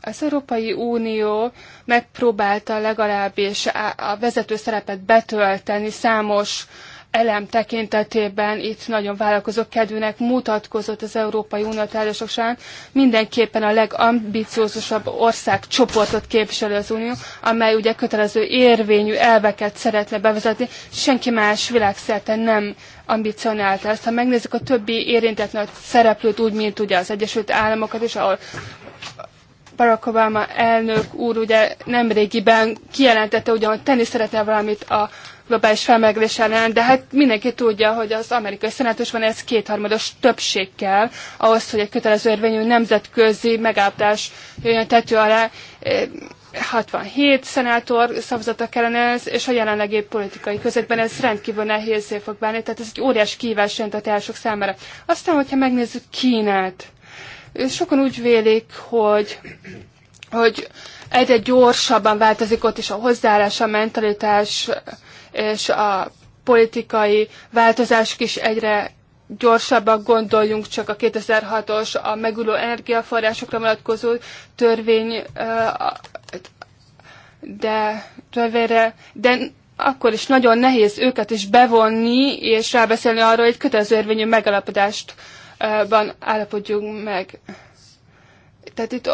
Az Európai Unió megpróbálta legalábbis a vezető szerepet betölteni számos uh, elem tekintetében itt nagyon vállalkozó kedvűnek mutatkozott az Európai Unió tárgyalások Mindenképpen a legambiciózusabb országcsoportot képviselő az Unió, amely ugye kötelező érvényű elveket szeretne bevezetni. Senki más világszerte nem ambicionálta ezt. Ha megnézzük a többi érintett nagy szereplőt, úgy, mint ugye az Egyesült Államokat is, ahol Barack Obama elnök úr ugye nemrégiben kijelentette, ugyan, hogy tenni szeretne valamit a globális felmelegedés ellen, de hát mindenki tudja, hogy az amerikai szenátusban ez kétharmados többség kell ahhoz, hogy egy kötelező érvényű nemzetközi megállapodás jöjjön tető alá. 67 szenátor szavazata kellene ez, és a jelenlegi politikai közegben ez rendkívül nehézé fog bánni, tehát ez egy óriás kívás jelent a társok számára. Aztán, hogyha megnézzük Kínát, sokan úgy vélik, hogy hogy egyre gyorsabban változik ott is a hozzáállás, a mentalitás, és a politikai változások is egyre gyorsabbak, gondoljunk csak a 2006-os a megújuló energiaforrásokra vonatkozó törvény, de törvényre, de akkor is nagyon nehéz őket is bevonni, és rábeszélni arra, hogy kötelező érvényű van állapodjunk meg. Tehát itt,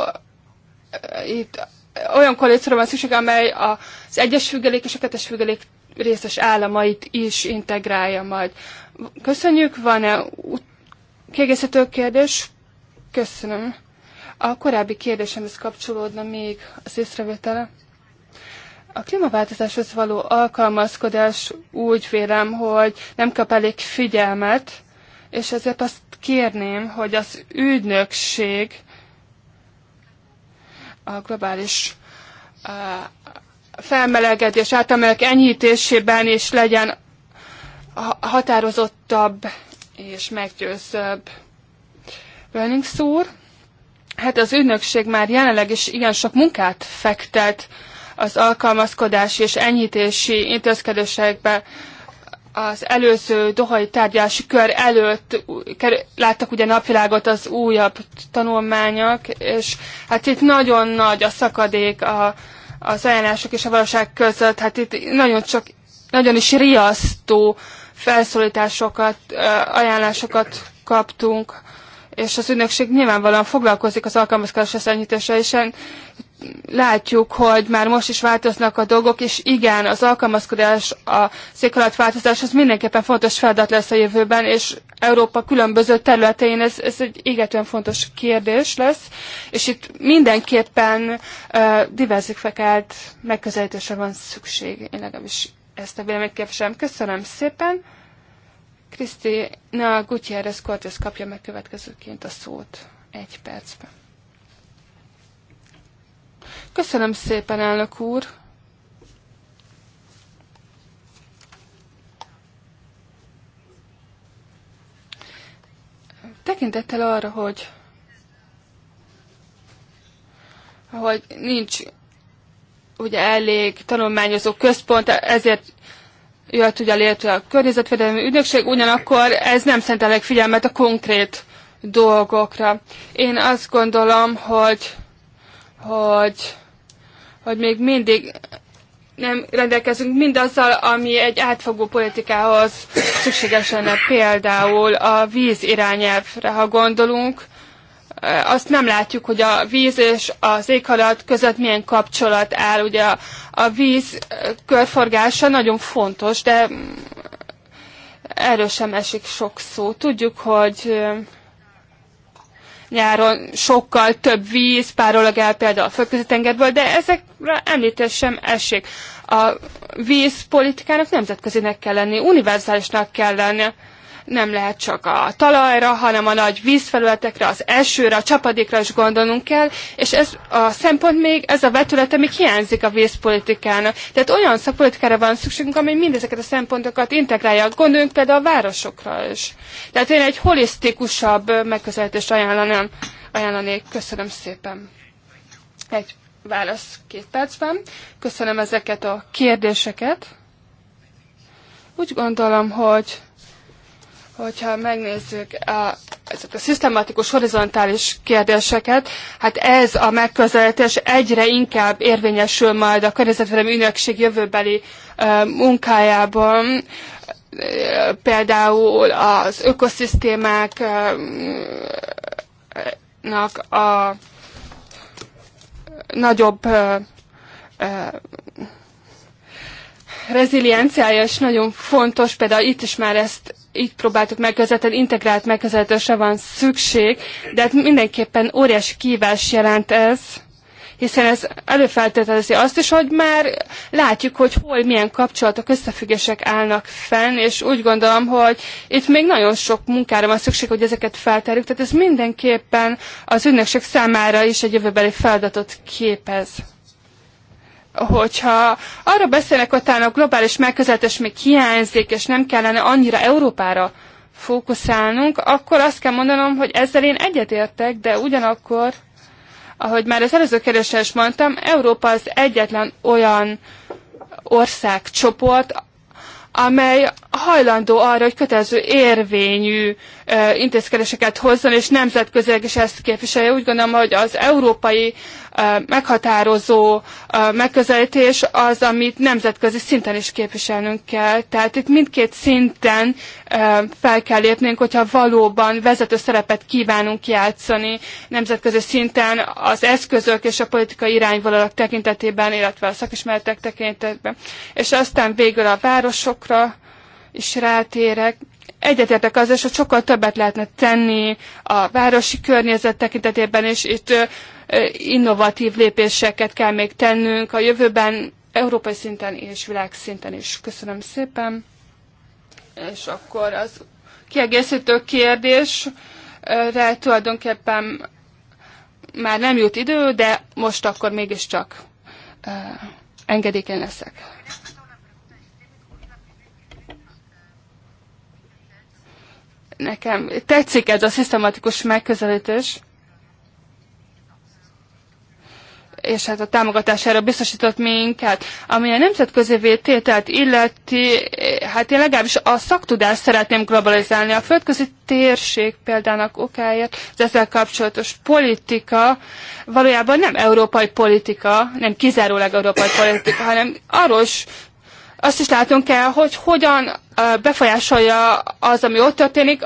itt olyan koalícióra van szükség, amely az egyes függelék és a kettes függelék részes államait is integrálja majd. Köszönjük, van-e kiegészítő kérdés? Köszönöm. A korábbi kérdésemhez kapcsolódna még az észrevétele. A klímaváltozáshoz való alkalmazkodás úgy vélem, hogy nem kap elég figyelmet, és ezért azt kérném, hogy az ügynökség a globális felmelegedés, átemelek enyhítésében is legyen határozottabb és meggyőzőbb. Burning szúr. hát az ügynökség már jelenleg is ilyen sok munkát fektet az alkalmazkodási és enyhítési intézkedésekbe, az előző dohai tárgyási kör előtt láttak ugye napvilágot az újabb tanulmányok, és hát itt nagyon nagy a szakadék a, az ajánlások és a valóság között. Hát itt nagyon, csak, nagyon is riasztó felszólításokat, ajánlásokat kaptunk és az ügynökség nyilvánvalóan foglalkozik az alkalmazkodás eszernyítéssel, és látjuk, hogy már most is változnak a dolgok, és igen, az alkalmazkodás, a székhalatváltozás az mindenképpen fontos feladat lesz a jövőben, és Európa különböző területein ez, ez egy égetően fontos kérdés lesz, és itt mindenképpen uh, diversifikált megközelítésre van szükség. Én legalábbis ezt a véleményt sem. Köszönöm szépen! a Gutierrez Cortez kapja meg következőként a szót egy percben. Köszönöm szépen, elnök úr! Tekintettel arra, hogy, hogy nincs ugye elég tanulmányozó központ, ezért jött ugye létre a környezetvédelmi ügynökség, ugyanakkor ez nem elég figyelmet a konkrét dolgokra. Én azt gondolom, hogy, hogy, hogy még mindig nem rendelkezünk mindazzal, ami egy átfogó politikához szükséges lenne például a víz irányelvre, ha gondolunk, azt nem látjuk, hogy a víz és az éghajlat között milyen kapcsolat áll. Ugye a, a víz körforgása nagyon fontos, de mm, erről sem esik sok szó. Tudjuk, hogy nyáron sokkal több víz párolag el például a földközi tengerből, de ezekre említés sem esik. A vízpolitikának nemzetközinek kell lenni, univerzálisnak kell lenni nem lehet csak a talajra, hanem a nagy vízfelületekre, az esőre, a csapadékra is gondolnunk kell, és ez a szempont még, ez a vetülete még hiányzik a vízpolitikának. Tehát olyan szakpolitikára van szükségünk, amely mindezeket a szempontokat integrálja. Gondoljunk például a városokra is. Tehát én egy holisztikusabb megközelítést ajánlanám, ajánlanék. Köszönöm szépen. Egy válasz két percben. Köszönöm ezeket a kérdéseket. Úgy gondolom, hogy hogyha megnézzük a, ezek a szisztematikus horizontális kérdéseket, hát ez a megközelítés egyre inkább érvényesül majd a környezetvédelmi ünökség jövőbeli munkájában, például az ökoszisztémáknak a nagyobb e, rezilienciája is nagyon fontos, például itt is már ezt így próbáltuk megközelíteni, integrált megközelítésre van szükség, de hát mindenképpen óriási kívás jelent ez, hiszen ez előfeltételezi azt is, hogy már látjuk, hogy hol milyen kapcsolatok, összefüggések állnak fenn, és úgy gondolom, hogy itt még nagyon sok munkára van szükség, hogy ezeket feltárjuk, tehát ez mindenképpen az ünnepség számára is egy jövőbeli feladatot képez hogyha arra beszélnek, hogy talán a globális megközelítés még hiányzik, és nem kellene annyira Európára fókuszálnunk, akkor azt kell mondanom, hogy ezzel én egyetértek, de ugyanakkor, ahogy már az előző kérdéssel is mondtam, Európa az egyetlen olyan országcsoport, amely hajlandó arra, hogy kötelező érvényű ö, intézkedéseket hozzon, és nemzetközileg is ezt képviselje. Úgy gondolom, hogy az európai meghatározó megközelítés az, amit nemzetközi szinten is képviselnünk kell. Tehát itt mindkét szinten fel kell lépnünk, hogyha valóban vezető szerepet kívánunk játszani nemzetközi szinten az eszközök és a politikai irányvonalak tekintetében, illetve a szakismeretek tekintetében. És aztán végül a városokra is rátérek egyetértek azzal, hogy sokkal többet lehetne tenni a városi környezet tekintetében, és itt innovatív lépéseket kell még tennünk a jövőben, európai szinten és világszinten is. Köszönöm szépen. És akkor az kiegészítő kérdésre tulajdonképpen már nem jut idő, de most akkor mégiscsak engedékeny leszek. Nekem tetszik ez a szisztematikus megközelítés. és hát a támogatására biztosított minket. Ami a nemzetközi vétételt illeti, hát én legalábbis a szaktudást szeretném globalizálni. A földközi térség példának okáért az ezzel kapcsolatos politika valójában nem európai politika, nem kizárólag európai politika, hanem arról is azt is látunk kell, hogy hogyan befolyásolja az, ami ott történik,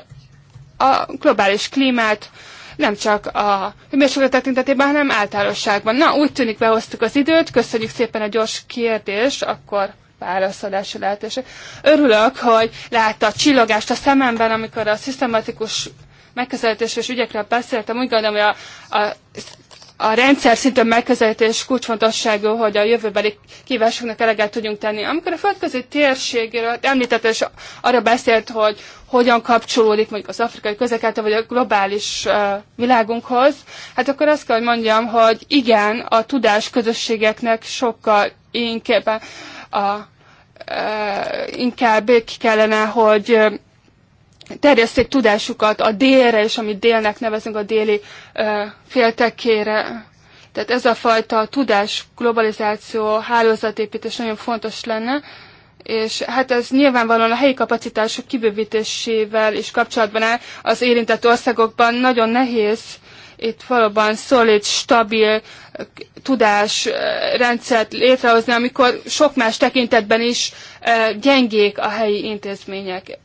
a globális klímát, nem csak a hőmérséklet tekintetében, hanem általosságban. Na, úgy tűnik behoztuk az időt, köszönjük szépen a gyors kérdést, akkor válaszolási lehetőség. Örülök, hogy látta a csillogást a szememben, amikor a szisztematikus és ügyekről beszéltem. Úgy gondolom, hogy a, a a rendszer szintű megközelítés kulcsfontosságú, hogy a jövőbeli kívásoknak eleget tudjunk tenni. Amikor a földközi térségéről említett, és arra beszélt, hogy hogyan kapcsolódik mondjuk az afrikai közekete, vagy a globális uh, világunkhoz, hát akkor azt kell, hogy mondjam, hogy igen, a tudás közösségeknek sokkal inkább, a, uh, inkább kellene, hogy terjeszték tudásukat a délre, és amit délnek nevezünk a déli uh, féltekére. Tehát ez a fajta tudás, globalizáció, hálózatépítés nagyon fontos lenne. Uh, és hát ez nyilvánvalóan a helyi kapacitások kibővítésével is kapcsolatban áll. Az érintett országokban nagyon nehéz itt valóban szolid, stabil tudásrendszert eh, létrehozni, amikor sok más tekintetben is eh, gyengék a helyi intézmények.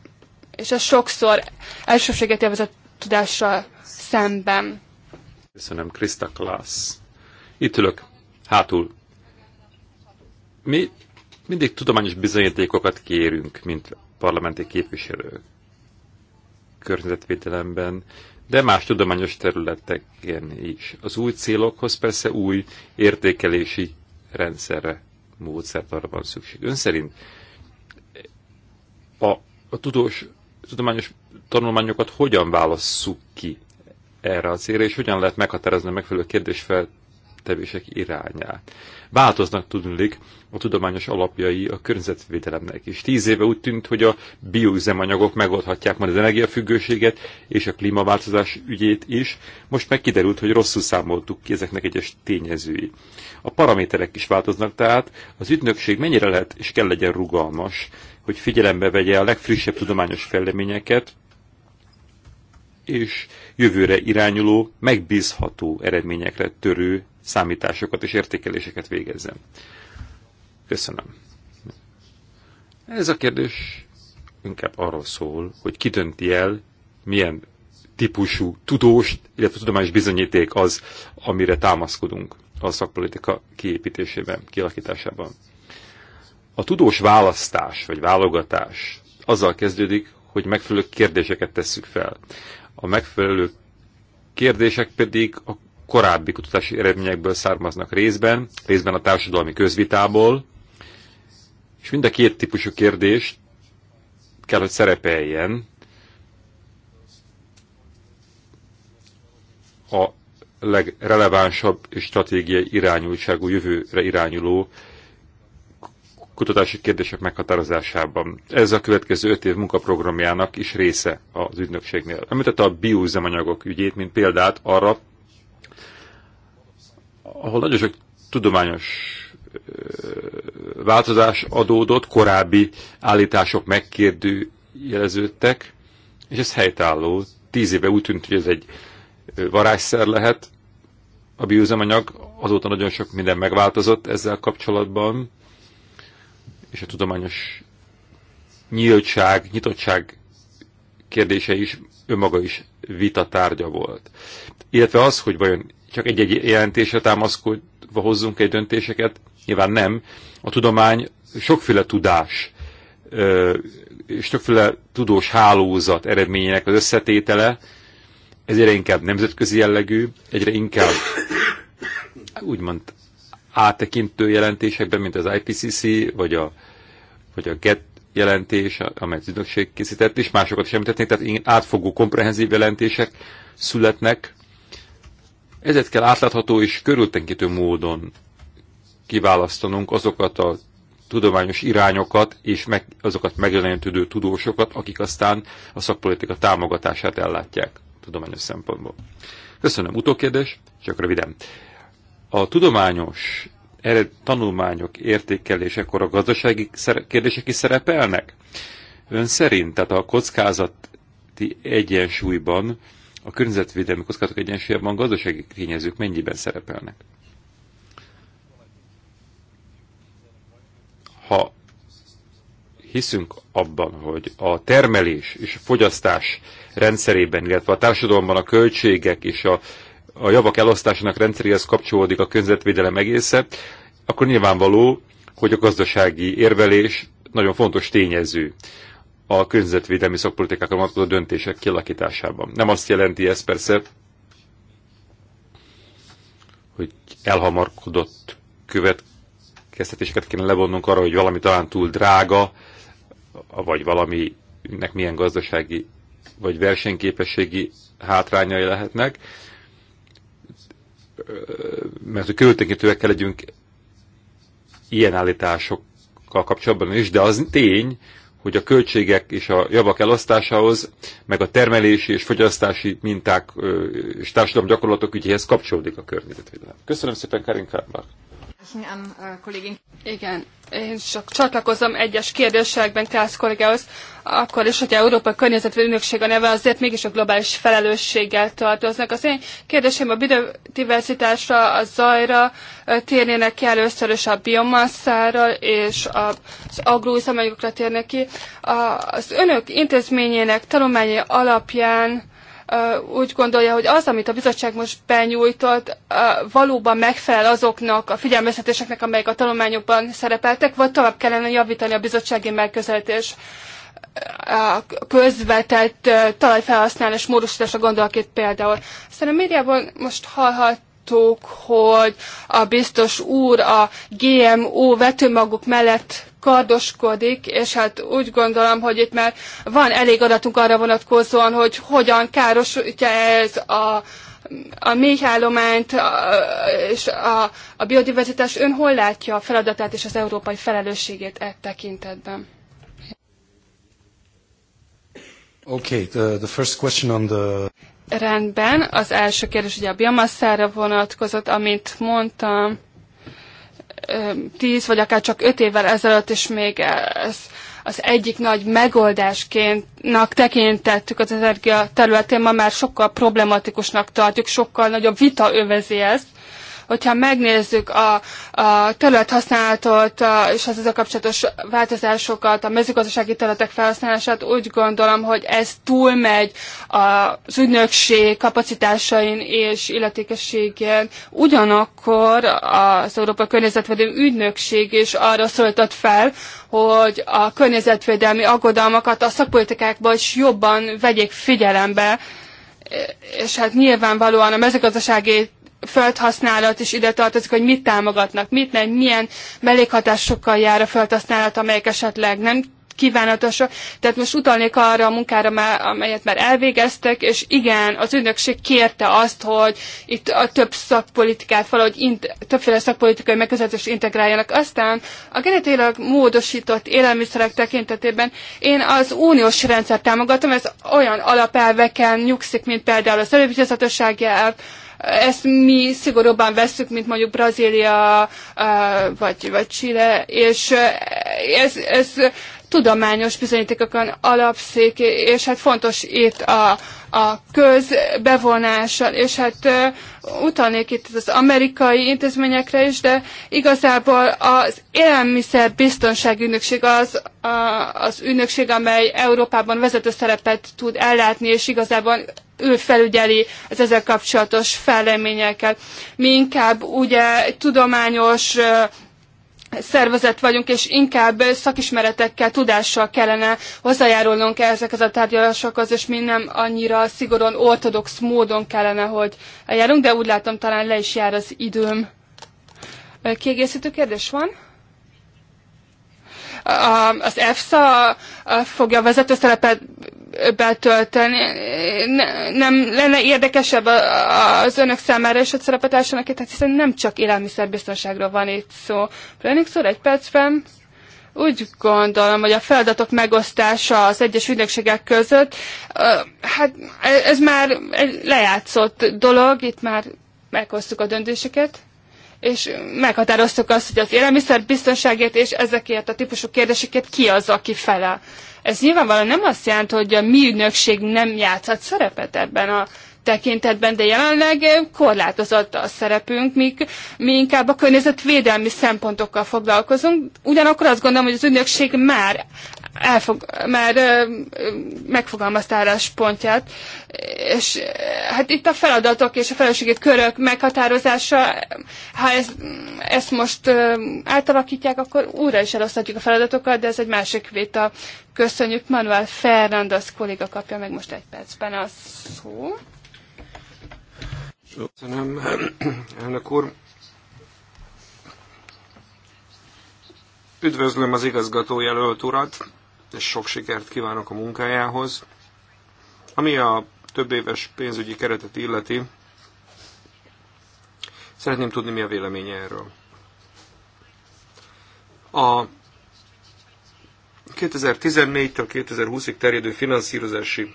És ez sokszor elsőséget élvez a tudással szemben. Köszönöm, Krista Klasz. Itt ülök, hátul. Mi mindig tudományos bizonyítékokat kérünk, mint parlamenti képviselő környezetvédelemben, de más tudományos területeken is. Az új célokhoz persze új értékelési rendszerre, módszertarra van szükség. Ön szerint a, a tudós, tudományos tanulmányokat hogyan válasszuk ki erre a célra, és hogyan lehet meghatározni a megfelelő fel tevések irányát. Változnak tudnulik a tudományos alapjai a környezetvédelemnek is. Tíz éve úgy tűnt, hogy a bioüzemanyagok megoldhatják majd az energiafüggőséget és a klímaváltozás ügyét is. Most meg kiderült, hogy rosszul számoltuk ki ezeknek egyes tényezői. A paraméterek is változnak, tehát az ügynökség mennyire lehet és kell legyen rugalmas, hogy figyelembe vegye a legfrissebb tudományos fejleményeket, és jövőre irányuló, megbízható eredményekre törő számításokat és értékeléseket végezzen. Köszönöm. Ez a kérdés inkább arról szól, hogy ki dönti el, milyen típusú tudós, illetve tudományos bizonyíték az, amire támaszkodunk a szakpolitika kiépítésében, kialakításában. A tudós választás vagy válogatás azzal kezdődik, hogy megfelelő kérdéseket tesszük fel a megfelelő kérdések pedig a korábbi kutatási eredményekből származnak részben, részben a társadalmi közvitából, és mind a két típusú kérdés kell, hogy szerepeljen a legrelevánsabb és stratégiai irányultságú jövőre irányuló kutatási kérdések meghatározásában. Ez a következő öt év munkaprogramjának is része az ügynökségnél. Említette a bioüzemanyagok ügyét, mint példát arra, ahol nagyon sok tudományos változás adódott, korábbi állítások megkérdőjeleződtek, és ez helytálló. Tíz éve úgy tűnt, hogy ez egy varázsszer lehet, a bioüzemanyag, azóta nagyon sok minden megváltozott ezzel kapcsolatban, és a tudományos nyíltság, nyitottság kérdése is önmaga is vita tárgya volt. Illetve az, hogy vajon csak egy-egy jelentésre támaszkodva hozzunk egy döntéseket, nyilván nem. A tudomány sokféle tudás és sokféle tudós hálózat eredményének az összetétele, ez inkább nemzetközi jellegű, egyre inkább úgymond áttekintő jelentésekben, mint az IPCC, vagy a, vagy a GET jelentés, amelyet az ügynökség készített, és másokat is említették, tehát átfogó, komprehenzív jelentések születnek. Ezért kell átlátható és körültenkítő módon kiválasztanunk azokat a tudományos irányokat, és meg, azokat megjelenítődő tudósokat, akik aztán a szakpolitika támogatását ellátják tudományos szempontból. Köszönöm. Utókérdés, csak röviden a tudományos ered, tanulmányok értékelésekor a gazdasági kérdések is szerepelnek? Ön szerint, tehát a kockázati egyensúlyban, a környezetvédelmi kockázatok egyensúlyában gazdasági tényezők mennyiben szerepelnek? Ha hiszünk abban, hogy a termelés és a fogyasztás rendszerében, illetve a társadalomban a költségek és a a javak elosztásának rendszeréhez kapcsolódik a környezetvédelem egésze, akkor nyilvánvaló, hogy a gazdasági érvelés nagyon fontos tényező a környezetvédelmi szakpolitikákra vonatkozó döntések kialakításában. Nem azt jelenti ez persze, hogy elhamarkodott következtetéseket kéne levonnunk arra, hogy valami talán túl drága, vagy valaminek milyen gazdasági vagy versenyképességi hátrányai lehetnek mert hogy körültekintőek kell legyünk ilyen állításokkal kapcsolatban is, de az tény, hogy a költségek és a javak elosztásához, meg a termelési és fogyasztási minták és társadalom gyakorlatok ügyéhez kapcsolódik a környezetvédelem. Köszönöm szépen, Karin Kármár. Äh, Igen, én csak csatlakozom egyes kérdésekben Klász kollégához, akkor is, hogy Európa Környezetvédelmi Ügynökség a neve azért mégis a globális felelősséggel tartoznak. Az én kérdésem a biodiverzitásra, a zajra térnének ki először is a biomasszára és az agróüzemanyagokra térnek ki. Az önök intézményének tanulmányai alapján úgy gondolja, hogy az, amit a bizottság most benyújtott, valóban megfelel azoknak a figyelmeztetéseknek, amelyek a tanulmányokban szerepeltek, vagy tovább kellene javítani a bizottsági megközelítés a közvetett talajfelhasználás módosításra gondolok itt például. Szerintem médiában most hallhattuk, hogy a biztos úr a GMO vetőmagok mellett kardoskodik, és hát úgy gondolom, hogy itt már van elég adatunk arra vonatkozóan, hogy hogyan károsítja ez a, a méhállományt és a, a biodiverzitás. Ön hol látja a feladatát és az európai felelősségét e tekintetben? Okay, the, the first question on the... Rendben, az első kérdés ugye a biomasszára vonatkozott, amit mondtam tíz vagy akár csak öt évvel ezelőtt is még ez az egyik nagy megoldáskéntnak tekintettük az energia területén, ma már sokkal problematikusnak tartjuk, sokkal nagyobb vita övezi ezt, hogyha megnézzük a, a területhasználatot és az ezzel kapcsolatos változásokat, a mezőgazdasági területek felhasználását, úgy gondolom, hogy ez túlmegy az ügynökség kapacitásain és illetékességén. Ugyanakkor az Európai Környezetvédelmi Ügynökség is arra szólított fel, hogy a környezetvédelmi aggodalmakat a szakpolitikákban is jobban vegyék figyelembe, és hát nyilvánvalóan a mezőgazdasági földhasználat is ide tartozik, hogy mit támogatnak, mit nem, milyen mellékhatásokkal jár a földhasználat, amelyek esetleg nem kívánatosak. Tehát most utalnék arra a munkára, már, amelyet már elvégeztek, és igen, az ügynökség kérte azt, hogy itt a több szakpolitikát valahogy int- többféle szakpolitikai megközelítést integráljanak. Aztán a genetikailag módosított élelmiszerek tekintetében én az uniós rendszer támogatom, ez olyan alapelveken nyugszik, mint például az elővigyázatossági elv, ezt mi szigorúban vesszük, mint mondjuk Brazília vagy, vagy Chile, és ez, ez tudományos bizonyítékokon alapszik, és hát fontos itt a, a köz bevonása, és hát utalnék itt az amerikai intézményekre is, de igazából az élelmiszer biztonság ügynökség az a, az ügynökség, amely Európában vezető szerepet tud ellátni, és igazából ő felügyeli az ezzel kapcsolatos fejleményeket. Mi inkább ugye tudományos szervezet vagyunk, és inkább szakismeretekkel, tudással kellene hozzájárulnunk ezekhez a tárgyalásokhoz, és mi nem annyira szigorúan ortodox módon kellene, hogy járunk, de úgy látom talán le is jár az időm. Kiegészítő kérdés van? A, az EFSA fogja vezető szerepet betölteni. Nem lenne érdekesebb az önök számára és a szerepetársának, tehát hiszen nem csak élelmiszerbiztonságról van itt szó. Lennék szóra egy percben. Úgy gondolom, hogy a feladatok megosztása az egyes ügynökségek között, hát e, ez már egy lejátszott dolog, itt már meghoztuk a döntéseket és meghatároztuk azt, hogy az élelmiszer biztonságért és ezekért a típusú kérdésekért ki az, aki felel. Ez nyilvánvalóan nem azt jelenti, hogy a mi ügynökség nem játszhat szerepet ebben a tekintetben, de jelenleg korlátozott a szerepünk, míg mi inkább a környezetvédelmi szempontokkal foglalkozunk. Ugyanakkor azt gondolom, hogy az ügynökség már elfog, már megfogalmazta álláspontját, és hát itt a feladatok és a felelősségét körök meghatározása, ha ezt, ezt most átalakítják, akkor újra is elosztatjuk a feladatokat, de ez egy másik véta. Köszönjük, Manuel az kolléga kapja meg most egy percben a szó. Köszönöm, elnök úr. Üdvözlöm az igazgató jelölt urat és sok sikert kívánok a munkájához. Ami a több éves pénzügyi keretet illeti, szeretném tudni, mi a véleménye erről. A 2014-től 2020-ig terjedő finanszírozási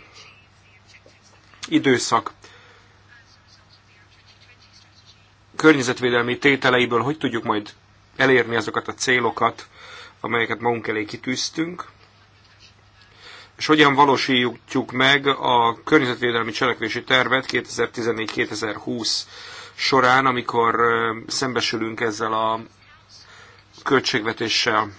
időszak környezetvédelmi tételeiből hogy tudjuk majd elérni azokat a célokat, amelyeket magunk elé kitűztünk és hogyan valósítjuk meg a környezetvédelmi cselekvési tervet 2014-2020 során, amikor szembesülünk ezzel a költségvetéssel.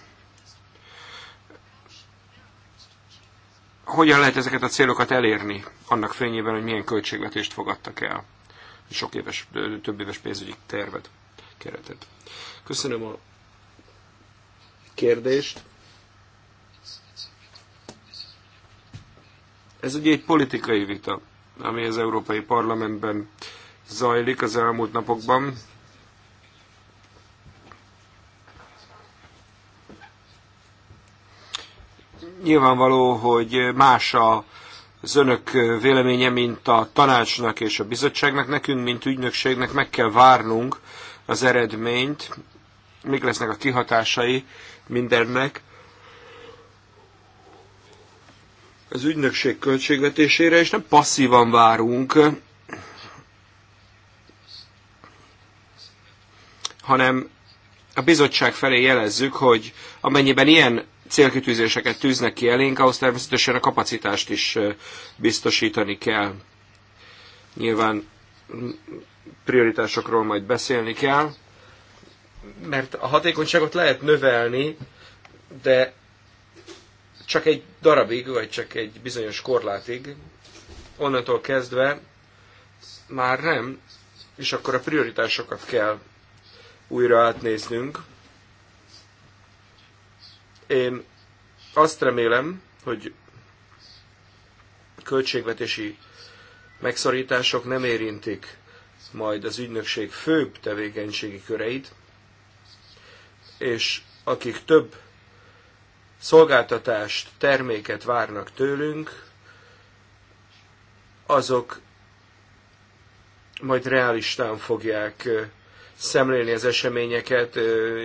Hogyan lehet ezeket a célokat elérni annak fényében, hogy milyen költségvetést fogadtak el? Sok éves, több éves pénzügyi tervet, keretet. Köszönöm a kérdést. Ez ugye egy politikai vita, ami az Európai Parlamentben zajlik az elmúlt napokban. Nyilvánvaló, hogy más a az önök véleménye, mint a tanácsnak és a bizottságnak. Nekünk, mint ügynökségnek meg kell várnunk az eredményt, mik lesznek a kihatásai mindennek az ügynökség költségvetésére, és nem passzívan várunk, hanem a bizottság felé jelezzük, hogy amennyiben ilyen célkitűzéseket tűznek ki elénk, ahhoz természetesen a kapacitást is biztosítani kell. Nyilván prioritásokról majd beszélni kell, mert a hatékonyságot lehet növelni, de csak egy darabig, vagy csak egy bizonyos korlátig, onnantól kezdve már nem, és akkor a prioritásokat kell újra átnéznünk. Én azt remélem, hogy költségvetési megszorítások nem érintik majd az ügynökség főbb tevékenységi köreit, és akik több szolgáltatást, terméket várnak tőlünk, azok majd realistán fogják szemlélni az eseményeket,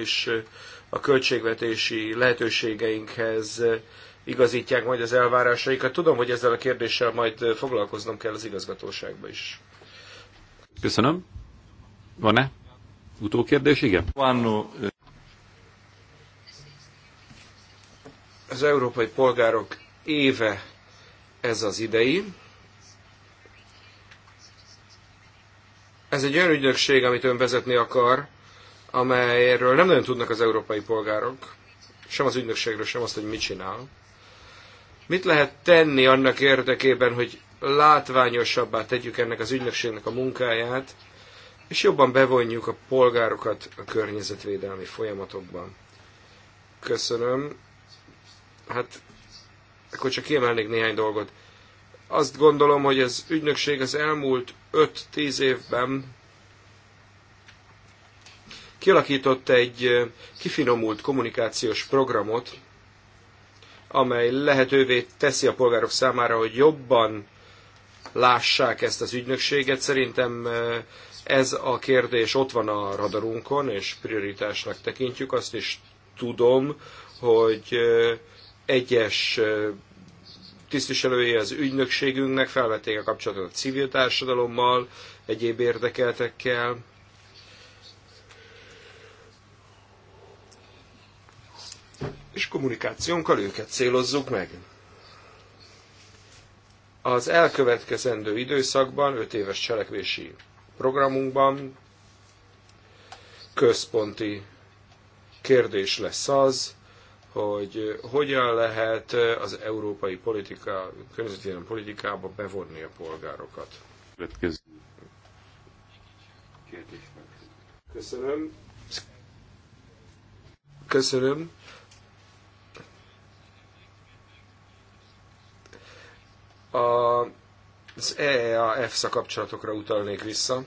és a költségvetési lehetőségeinkhez igazítják majd az elvárásaikat. Tudom, hogy ezzel a kérdéssel majd foglalkoznom kell az igazgatóságba is. Köszönöm. Van-e utókérdés? Igen. Az európai polgárok éve ez az idei. Ez egy olyan ügynökség, amit ön vezetni akar, amelyről nem nagyon tudnak az európai polgárok, sem az ügynökségről, sem azt, hogy mit csinál. Mit lehet tenni annak érdekében, hogy látványosabbá tegyük ennek az ügynökségnek a munkáját, és jobban bevonjuk a polgárokat a környezetvédelmi folyamatokban? Köszönöm. Hát akkor csak kiemelnék néhány dolgot. Azt gondolom, hogy az ügynökség az elmúlt 5-10 évben kialakított egy kifinomult kommunikációs programot, amely lehetővé teszi a polgárok számára, hogy jobban lássák ezt az ügynökséget. Szerintem ez a kérdés ott van a radarunkon, és prioritásnak tekintjük. Azt is tudom, hogy egyes tisztviselői az ügynökségünknek felvették a kapcsolatot a civil társadalommal, egyéb érdekeltekkel. És kommunikációnkkal őket célozzuk meg. Az elkövetkezendő időszakban, 5 éves cselekvési programunkban központi kérdés lesz az, hogy hogyan lehet az európai politika, környezetvédelmi politikába bevonni a polgárokat. Köszönöm. Köszönöm. A, az EEA EFSA kapcsolatokra utalnék vissza.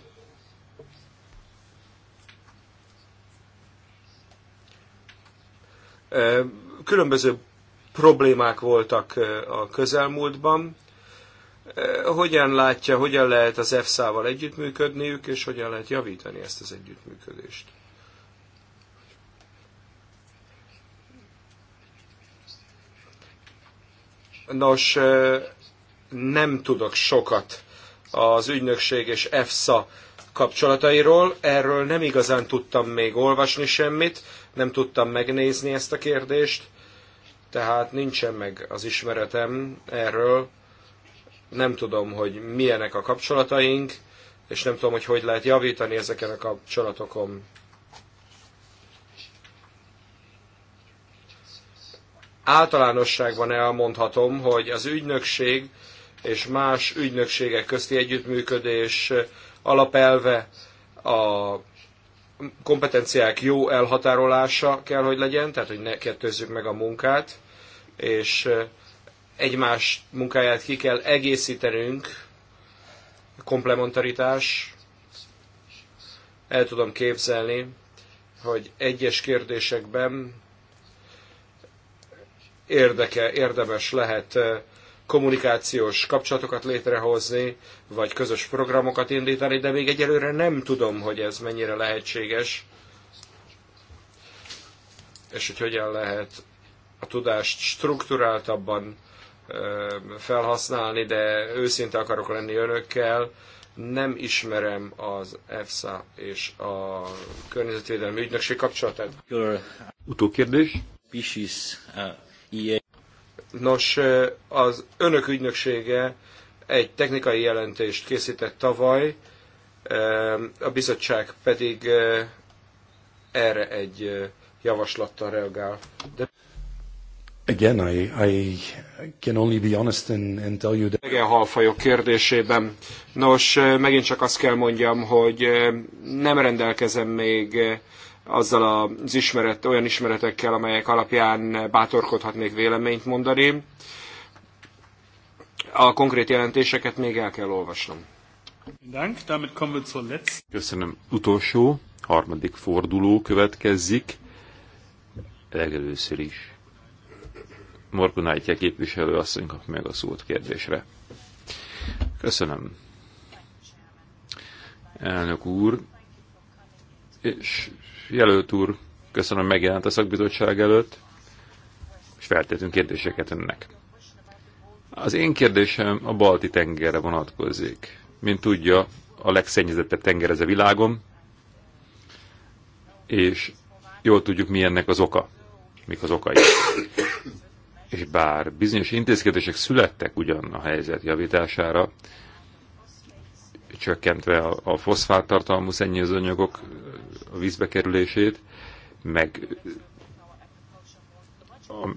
Különböző problémák voltak a közelmúltban. Hogyan látja, hogyan lehet az EFSA-val együttműködniük, és hogyan lehet javítani ezt az együttműködést? Nos, nem tudok sokat az ügynökség és EFSA kapcsolatairól, erről nem igazán tudtam még olvasni semmit nem tudtam megnézni ezt a kérdést, tehát nincsen meg az ismeretem erről, nem tudom, hogy milyenek a kapcsolataink, és nem tudom, hogy hogy lehet javítani ezeken a kapcsolatokon. Általánosságban elmondhatom, hogy az ügynökség és más ügynökségek közti együttműködés alapelve a kompetenciák jó elhatárolása kell, hogy legyen, tehát hogy ne kettőzzük meg a munkát, és eh, egymás munkáját ki kell egészítenünk, komplementaritás, el tudom képzelni, hogy egyes kérdésekben érdeke, érdemes lehet eh, kommunikációs kapcsolatokat létrehozni, vagy közös programokat indítani, de még egyelőre nem tudom, hogy ez mennyire lehetséges, és hogy hogyan lehet a tudást strukturáltabban felhasználni, de őszinte akarok lenni önökkel. Nem ismerem az EFSA és a Környezetvédelmi Ügynökség kapcsolatát. Utókérdés. Pisis, uh, EA. Nos, az önök ügynöksége egy technikai jelentést készített tavaly, a bizottság pedig erre egy javaslattal reagál. De Again, I, I can only be honest and, and tell you that... kérdésében. Nos, megint csak azt kell mondjam, hogy nem rendelkezem még azzal az ismeret, olyan ismeretekkel, amelyek alapján bátorkodhatnék véleményt mondani. A konkrét jelentéseket még el kell olvasnom. Köszönöm. Utolsó, harmadik forduló következik. Legelőször is. Morgunájtje képviselő asszony kap meg a szót kérdésre. Köszönöm. Elnök úr, és jelölt úr, köszönöm megjelent a szakbizottság előtt, és feltétlenül kérdéseket önnek. Az én kérdésem a balti tengerre vonatkozik. Mint tudja, a legszennyezettebb tenger ez a világon, és jól tudjuk, mi ennek az oka, mik az okai. és bár bizonyos intézkedések születtek ugyan a helyzet javítására, csökkentve a, a foszfát tartalmú szennyezőanyagok a vízbe kerülését, meg a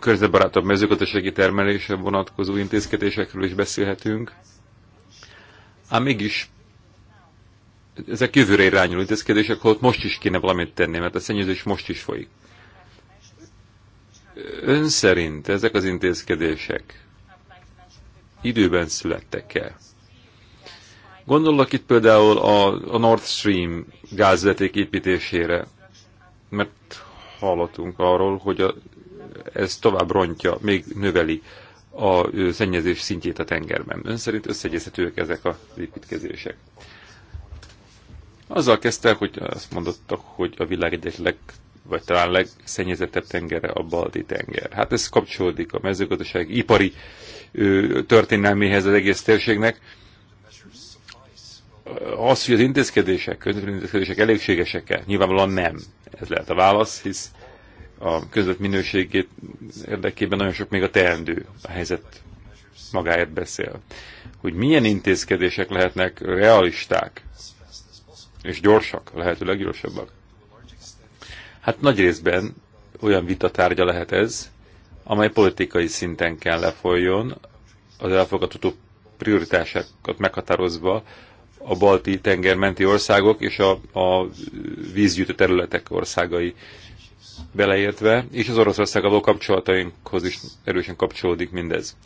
környezetbarátabb mezőgazdasági termelése vonatkozó intézkedésekről is beszélhetünk. Ám mégis ezek jövőre irányuló intézkedések, holott most is kéne valamit tenni, mert a szennyezés most is folyik. Ön szerint ezek az intézkedések időben születtek-e? Gondolok itt például a, a Nord Stream gázvezeték építésére, mert hallottunk arról, hogy a, ez tovább rontja, még növeli a szennyezés szintjét a tengerben. Ön szerint összegyezhetőek ezek az építkezések? Azzal kezdte, hogy azt mondottak, hogy a világ egyik leg, vagy talán legszennyezettebb tengere a balti tenger. Hát ez kapcsolódik a mezőgazdaság ipari ö, történelméhez az egész térségnek az, hogy az intézkedések, közvetlen intézkedések elégségesek-e? Nyilvánvalóan nem. Ez lehet a válasz, hisz a közvet minőségét érdekében nagyon sok még a teendő. A helyzet magáért beszél. Hogy milyen intézkedések lehetnek realisták és gyorsak, lehető leggyorsabbak? Hát nagy részben olyan vitatárgya lehet ez, amely politikai szinten kell lefolyjon, az elfogadható prioritásokat meghatározva a balti tenger menti országok és a, a vízgyűjtő területek országai beleértve, és az Oroszország való kapcsolatainkhoz is erősen kapcsolódik mindez.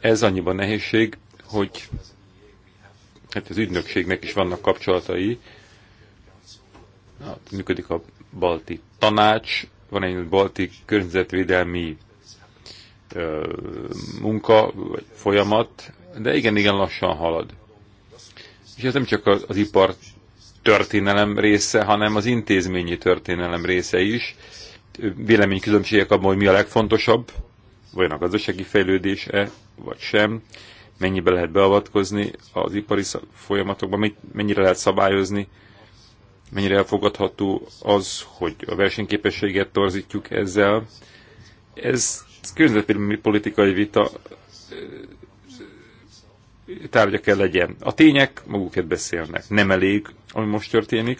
Ez annyiban nehézség, hogy hát az ügynökségnek is vannak kapcsolatai. Hát, működik a balti tanács, van egy balti környezetvédelmi munka, vagy folyamat, de igen, igen lassan halad. És ez nem csak az, az ipar történelem része, hanem az intézményi történelem része is. Véleménykülönbségek abban, hogy mi a legfontosabb, vagy a gazdasági fejlődése, vagy sem, mennyibe lehet beavatkozni az ipari folyamatokban, mennyire lehet szabályozni, mennyire elfogadható az, hogy a versenyképességet torzítjuk ezzel. Ez politikai vita tárgya kell legyen. A tények magukért beszélnek. Nem elég, ami most történik.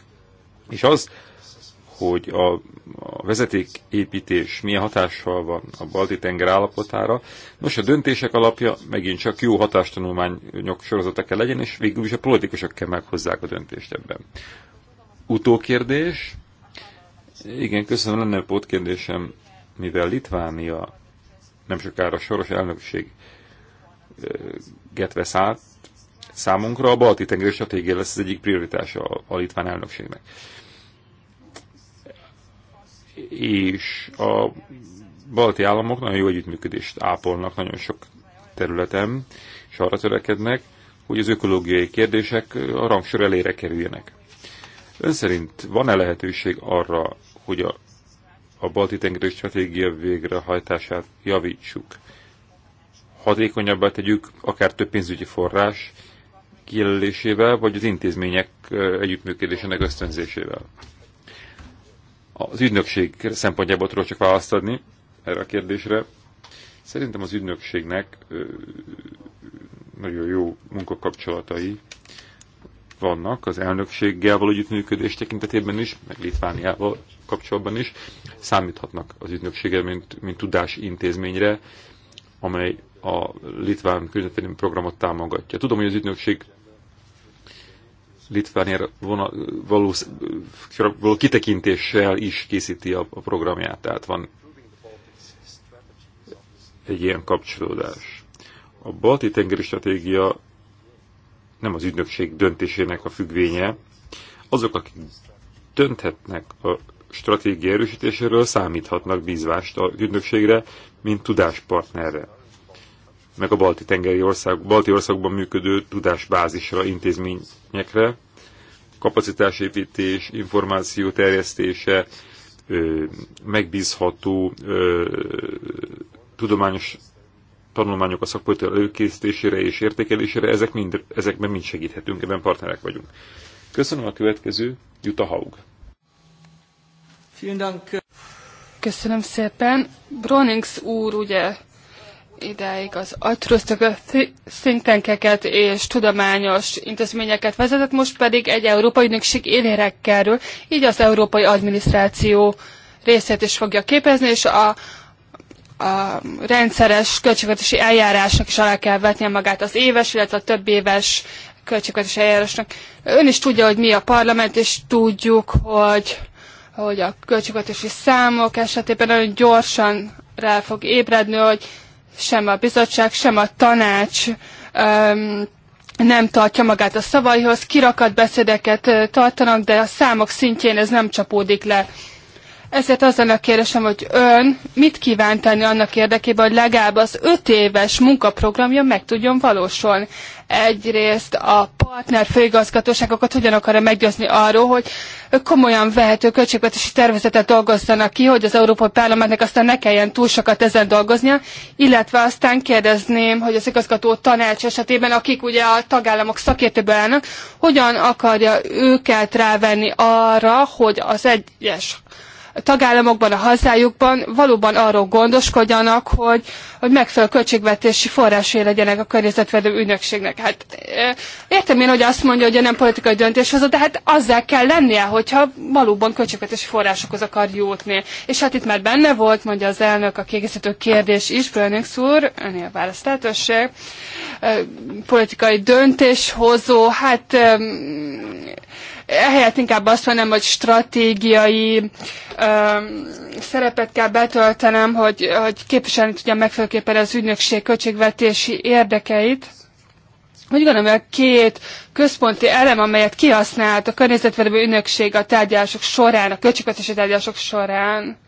És az, hogy a, a vezetéképítés milyen hatással van a balti tenger állapotára. Nos, a döntések alapja megint csak jó hatástanulmányok sorozata kell legyen, és végül is a politikusok kell meghozzák a döntést ebben. Utókérdés. Igen, köszönöm, lenne pótkérdésem, mivel Litvánia nem sokára soros elnökség getve szállt számunkra. A balti tengeri stratégia lesz az egyik prioritása a litván elnökségnek. És a balti államok nagyon jó együttműködést ápolnak nagyon sok területen, és arra törekednek, hogy az ökológiai kérdések a rangsor elére kerüljenek. Ön szerint van-e lehetőség arra, hogy a, a balti tengeri stratégia végrehajtását javítsuk? hatékonyabbá tegyük, akár több pénzügyi forrás kijelölésével, vagy az intézmények együttműködésének ösztönzésével. Az ügynökség szempontjából tudok csak választ adni erre a kérdésre. Szerintem az ügynökségnek nagyon jó munkakapcsolatai vannak az elnökséggel való együttműködés tekintetében is, meg Litvániával kapcsolatban is, számíthatnak az ügynöksége, mint, mint tudásintézményre, amely a litván környezetvédelmi programot támogatja. Tudom, hogy az ügynökség litvánér való kitekintéssel is készíti a, a programját, tehát van egy ilyen kapcsolódás. A balti tengeri stratégia nem az ügynökség döntésének a függvénye. Azok, akik dönthetnek a stratégia erősítéséről számíthatnak bízvást a ügynökségre, mint tudáspartnerre meg a balti tengeri ország, balti országban működő tudásbázisra, intézményekre, kapacitásépítés, információ terjesztése, megbízható tudományos tanulmányok a szakpolitikai előkészítésére és értékelésére, ezek mind, ezekben mind segíthetünk, ebben partnerek vagyunk. Köszönöm a következő, Jutta Haug. Köszönöm szépen. Bronings úr ugye ideig az agytröztök szintenkeket és tudományos intézményeket vezetett, most pedig egy európai ügynökség élére kerül, így az európai adminisztráció részét is fogja képezni, és a, a rendszeres költségvetési eljárásnak is alá kell vetnie magát az éves, illetve a több éves költségvetési eljárásnak. Ön is tudja, hogy mi a parlament, és tudjuk, hogy hogy a költségvetési számok esetében nagyon gyorsan rá fog ébredni, hogy sem a bizottság, sem a tanács um, nem tartja magát a szavaihoz, kirakat beszédeket tartanak, de a számok szintjén ez nem csapódik le. Ezért azzal a kérdésem, hogy ön mit kíván tenni annak érdekében, hogy legalább az öt éves munkaprogramja meg tudjon valósulni? Egyrészt a partner főigazgatóságokat hogyan akarja meggyőzni arról, hogy komolyan vehető költségvetési tervezetet dolgozzanak ki, hogy az Európai Parlamentnek aztán ne kelljen túl sokat ezen dolgoznia, illetve aztán kérdezném, hogy az igazgató tanács esetében, akik ugye a tagállamok szakértőből állnak, hogyan akarja őket rávenni arra, hogy az egyes tagállamokban, a hazájukban valóban arról gondoskodjanak, hogy, hogy megfelelő költségvetési forrásai legyenek a környezetvédő ügynökségnek. Hát értem én, hogy azt mondja, hogy nem politikai döntéshozó, de hát azzá kell lennie, hogyha valóban költségvetési forrásokhoz akar jutni. És hát itt már benne volt, mondja az elnök, a kiegészítő kérdés is, Brönix úr, önél választ lehetőség, politikai döntéshozó, hát ehelyett inkább azt mondanám, hogy stratégiai öm, szerepet kell betöltenem, hogy, hogy képviselni tudjam megfelelőképpen az ügynökség költségvetési érdekeit. Úgy gondolom, hogy a két központi elem, amelyet kihasznált a környezetvédelmi ügynökség a tárgyalások során, a költségvetési tárgyalások során,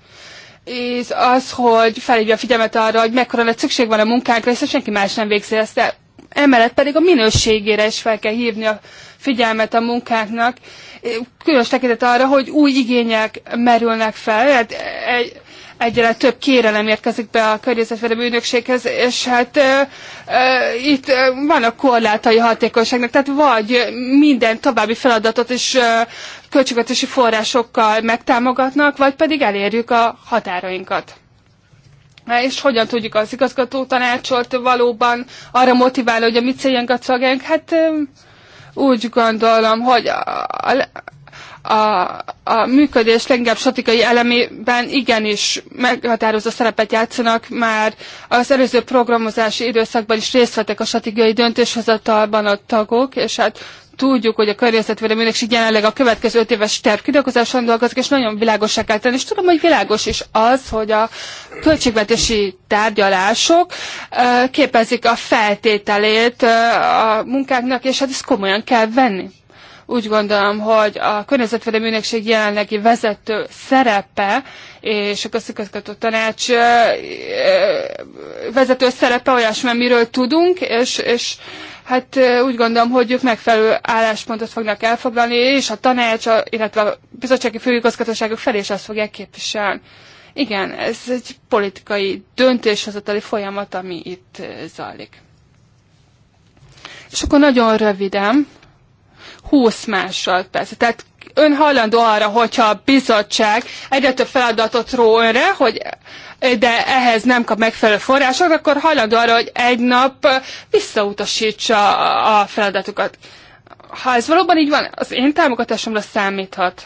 és az, hogy felhívja a figyelmet arra, hogy mekkora nagy szükség van a munkánkra, hiszen senki más nem végzi ezt de emellett pedig a minőségére is fel kell hívni a figyelmet a munkáknak, különös tekintet arra, hogy új igények merülnek fel, hát egy, egyre több kérelem érkezik be a környezetvédelmi ügynökséghez, és hát e, e, itt vannak korlátai hatékonyságnak, tehát vagy minden további feladatot is e, költségvetési forrásokkal megtámogatnak, vagy pedig elérjük a határainkat és hogyan tudjuk az igazgató tanácsot valóban arra motiválni, hogy a mi céljainkat szolgáljunk? Hát úgy gondolom, hogy a, a, a, a működés leginkább statikai elemében igenis meghatározó szerepet játszanak, már az előző programozási időszakban is részt vettek a statikai döntéshozatalban a tagok, és hát tudjuk, hogy a környezetvédelmi ügynökség jelenleg a következő öt éves terv kidolgozáson dolgozik, és nagyon világosá kell tenni. És tudom, hogy világos is az, hogy a költségvetési tárgyalások képezik a feltételét a munkáknak, és hát ezt komolyan kell venni. Úgy gondolom, hogy a környezetvédelmi ügynökség jelenlegi vezető szerepe és a közigazgató tanács vezető szerepe olyasmi, amiről tudunk, és, és hát úgy gondolom, hogy ők megfelelő álláspontot fognak elfoglalni, és a tanács, illetve a bizottsági főigazgatóságok felé is azt fogják képviselni. Igen, ez egy politikai döntéshozatali folyamat, ami itt zajlik. És akkor nagyon röviden, 20 másodperc. Tehát ön hajlandó arra, hogyha a bizottság egyre több feladatot ró önre, hogy eh, de ehhez nem kap megfelelő források, akkor hajlandó arra, hogy egy nap eh, visszautasítsa a feladatokat. Ha ez valóban így van, az én támogatásomra számíthat.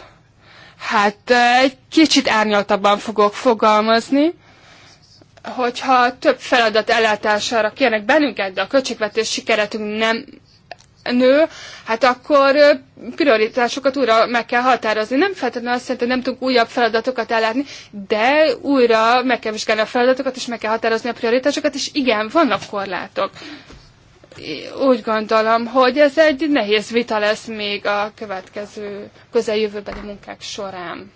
Hát eh, egy kicsit árnyaltabban fogok fogalmazni hogyha több feladat ellátására kérnek bennünket, de a költségvetés sikeretünk nem nő, hát akkor prioritásokat újra meg kell határozni. Nem feltétlenül azt jelenti, hogy nem tudunk újabb feladatokat ellátni, de újra meg kell vizsgálni a feladatokat, és meg kell határozni a prioritásokat, és igen, vannak korlátok. Úgy gondolom, hogy ez egy nehéz vita lesz még a következő közeljövőbeli munkák során.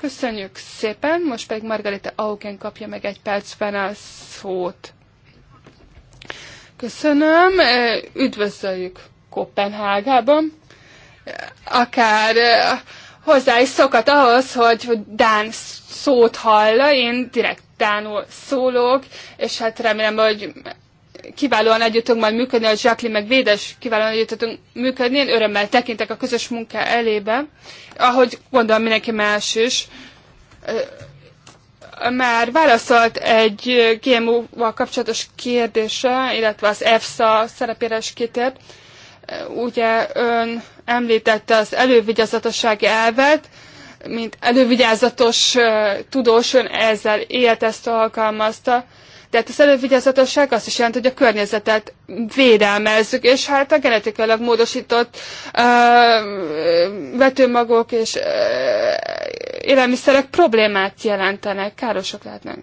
Köszönjük szépen, most pedig Margarita Auken kapja meg egy percben a szót. Köszönöm, üdvözöljük Kopenhágában, akár hozzá is szokat ahhoz, hogy, Dán szót hallja, én direkt Dánul szólok, és hát remélem, hogy kiválóan együtt tudunk majd működni, a Jacqueline meg Védes kiválóan együtt tudunk működni, én örömmel tekintek a közös munka elébe, ahogy gondolom mindenki más is. Már válaszolt egy GMO-val kapcsolatos kérdése, illetve az EFSA szerepére is kitért ugye ön említette az elővigyázatossági elvet, mint elővigyázatos tudós ön ezzel élt, ezt alkalmazta. Tehát az elővigyázatosság azt is jelenti, hogy a környezetet védelmezzük, és hát a genetikailag módosított ö, vetőmagok és ö, élelmiszerek problémát jelentenek, károsak lehetnek.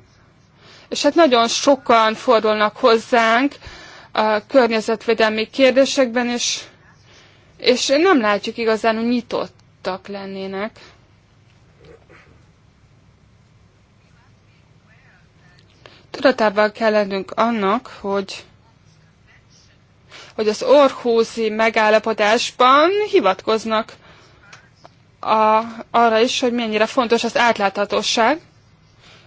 És hát nagyon sokan fordulnak hozzánk, ö, a környezetvédelmi kérdésekben, és, és nem látjuk igazán, hogy nyitottak lennének. Tudatában kell lennünk annak, hogy hogy az orhúzi megállapodásban hivatkoznak a, arra is, hogy mennyire fontos az átláthatóság,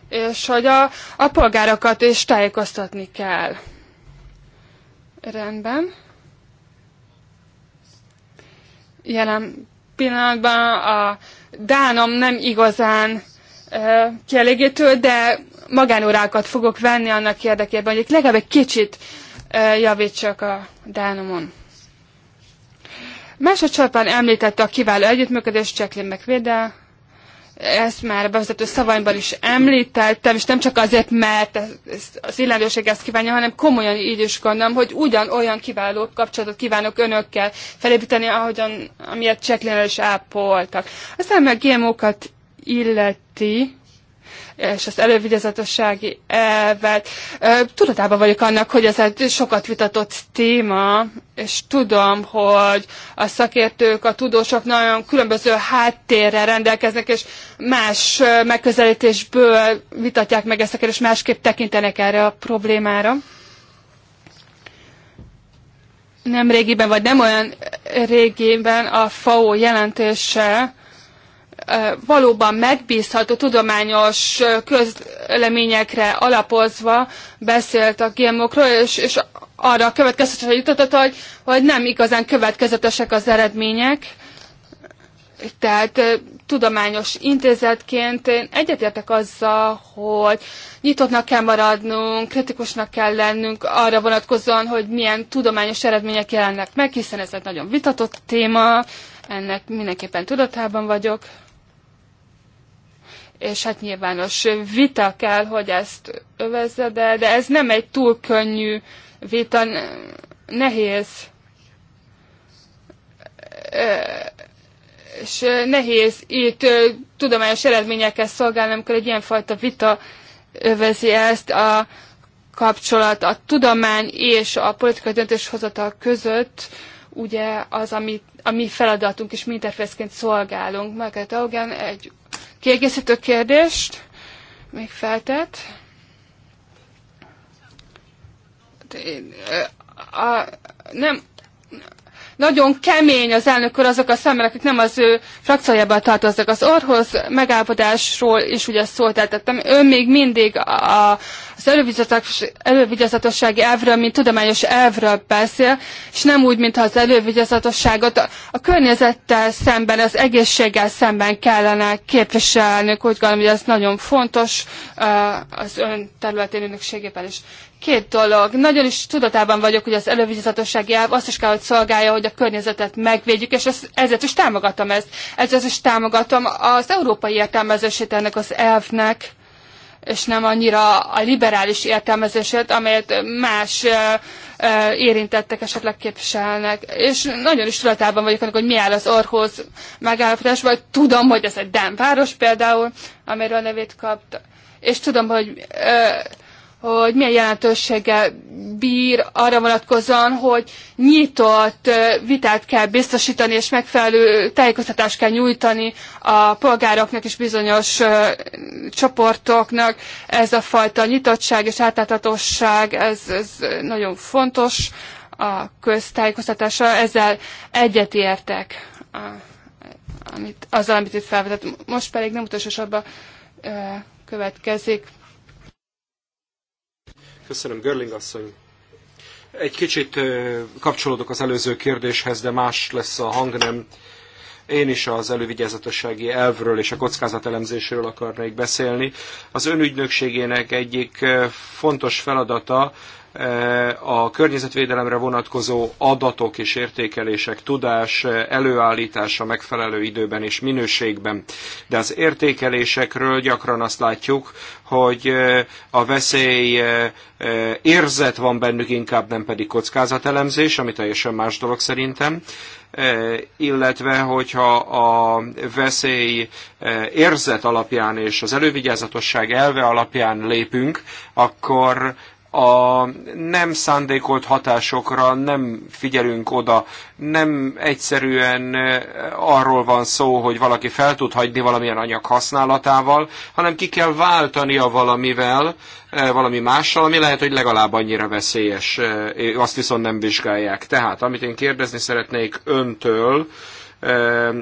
és hogy a, a polgárokat is tájékoztatni kell. Rendben. Jelen pillanatban a dánom nem igazán kielégítő, de magánórákat fogok venni annak érdekében, hogy legalább egy kicsit e, javítsak a dánomon. Másodszorban említette a kiváló együttműködés Jacqueline McViddel, ezt már a bevezető szavaimban is említettem, és nem csak azért, mert az illetőség ezt kívánja, hanem komolyan így is gondolom, hogy ugyan olyan kiváló kapcsolatot kívánok önökkel felépíteni, ahogyan, amilyet cseklénel is ápoltak. Aztán meg GMO-kat illeti, és az elővigyázatossági elvet. Tudatában vagyok annak, hogy ez egy sokat vitatott téma, és tudom, hogy a szakértők, a tudósok nagyon különböző háttérrel rendelkeznek, és más megközelítésből vitatják meg ezt a kérdést, másképp tekintenek erre a problémára nem régiben, vagy nem olyan régiben a FAO jelentése valóban megbízható tudományos közleményekre alapozva beszélt a GMO-król, és, és arra a következtetésre jutott, hogy, hogy nem igazán következetesek az eredmények. Tehát tudományos intézetként én egyetértek azzal, hogy nyitottnak kell maradnunk, kritikusnak kell lennünk arra vonatkozóan, hogy milyen tudományos eredmények jelennek meg, hiszen ez egy nagyon vitatott téma, ennek mindenképpen tudatában vagyok és hát nyilvános vita kell, hogy ezt övezze, de, de ez nem egy túl könnyű vita, nehéz és nehéz itt tudományos eredményekkel szolgálni, amikor egy ilyenfajta vita övezi ezt a kapcsolat a tudomány és a politikai döntéshozatal között, ugye az, ami a mi feladatunk és mi interfészként szolgálunk. Margaret Augen egy kiegészítő kérdést még feltett. A, a, nem, nagyon kemény az elnök úr azok a szemben, akik nem az ő frakciójában tartoznak. Az orhoz megállapodásról is ugye szólt eltettem. Ő még mindig a, az elővigyazatossági elvről, mint tudományos elvről beszél, és nem úgy, mintha az elővigyazatosságot a, a környezettel szemben, az egészséggel szemben kellene képviselni, Úgy gondolom, hogy ez nagyon fontos az ön területén önökségében is. Két dolog. Nagyon is tudatában vagyok, hogy az elővizetőség elv azt is kell, hogy szolgálja, hogy a környezetet megvédjük, és ezt, ezért is támogatom ezt. Ezért is támogatom az európai értelmezését ennek az elvnek és nem annyira a liberális értelmezését, amelyet más érintettek esetleg képviselnek. És nagyon is tudatában vagyok annak, hogy mi áll az orhoz megállapodásban, vagy tudom, hogy ez egy Dán város például, amiről nevét kapta. És tudom, hogy hogy milyen jelentőséggel bír arra vonatkozóan, hogy nyitott vitát kell biztosítani, és megfelelő tájékoztatást kell nyújtani a polgároknak és bizonyos csoportoknak. Ez a fajta nyitottság és átláthatóság, ez, ez nagyon fontos a köztájékoztatása. Ezzel egyetértek, amit, azzal, amit itt felvetett. Most pedig nem utolsó sorban következik Köszönöm, Görling asszony. Egy kicsit kapcsolódok az előző kérdéshez, de más lesz a hangnem. Én is az elővigyázatossági elvről és a kockázatelemzésről akarnék beszélni. Az önügynökségének egyik fontos feladata Eh, a környezetvédelemre vonatkozó adatok és értékelések tudás eh, előállítása megfelelő időben és minőségben. De az értékelésekről gyakran azt látjuk, hogy eh, a veszély érzet van bennük inkább, nem pedig kockázatelemzés, ami teljesen más dolog szerintem illetve hogyha a veszély érzet alapján és az elővigyázatosság elve alapján lépünk, akkor a nem szándékolt hatásokra nem figyelünk oda, nem egyszerűen arról van szó, hogy valaki fel tud hagyni valamilyen anyag használatával, hanem ki kell váltania valamivel, valami mással, ami lehet, hogy legalább annyira veszélyes, azt viszont nem vizsgálják. Tehát, amit én kérdezni szeretnék öntől,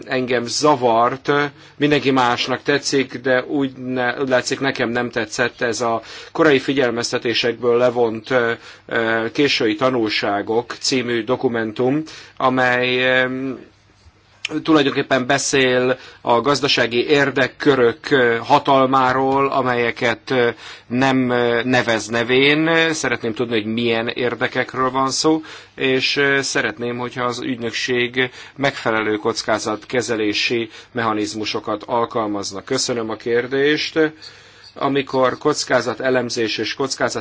engem zavart, mindenki másnak tetszik, de úgy, ne, úgy látszik nekem nem tetszett ez a korai figyelmeztetésekből levont késői tanulságok című dokumentum, amely tulajdonképpen beszél a gazdasági érdekkörök hatalmáról, amelyeket nem nevez nevén. Szeretném tudni, hogy milyen érdekekről van szó, és szeretném, hogyha az ügynökség megfelelő kockázatkezelési mechanizmusokat alkalmazna. Köszönöm a kérdést. Amikor kockázat elemzés és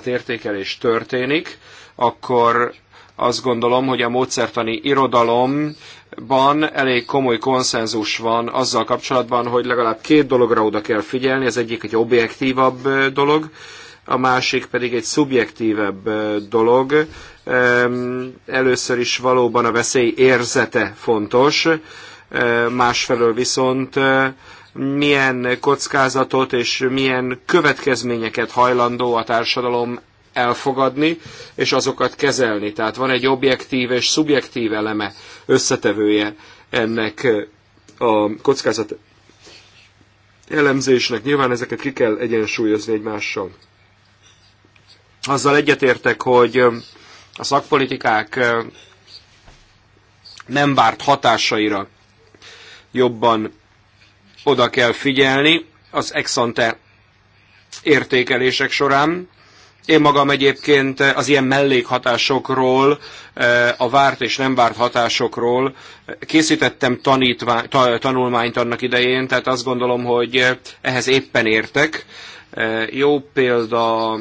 értékelés történik, akkor azt gondolom, hogy a módszertani irodalom ban elég komoly konszenzus van azzal kapcsolatban, hogy legalább két dologra oda kell figyelni. Az egyik egy objektívabb dolog, a másik pedig egy szubjektívebb dolog. Először is valóban a veszély érzete fontos, másfelől viszont milyen kockázatot és milyen következményeket hajlandó a társadalom elfogadni, és azokat kezelni. Tehát van egy objektív és szubjektív eleme, összetevője ennek a kockázat elemzésnek. Nyilván ezeket ki kell egyensúlyozni egymással. Azzal egyetértek, hogy a szakpolitikák nem várt hatásaira jobban oda kell figyelni az exante értékelések során, én magam egyébként eh, az ilyen mellékhatásokról, eh, a várt és nem várt hatásokról eh, készítettem tanulmányt annak idején, tehát azt gondolom, hogy ehhez éppen értek. Jó példa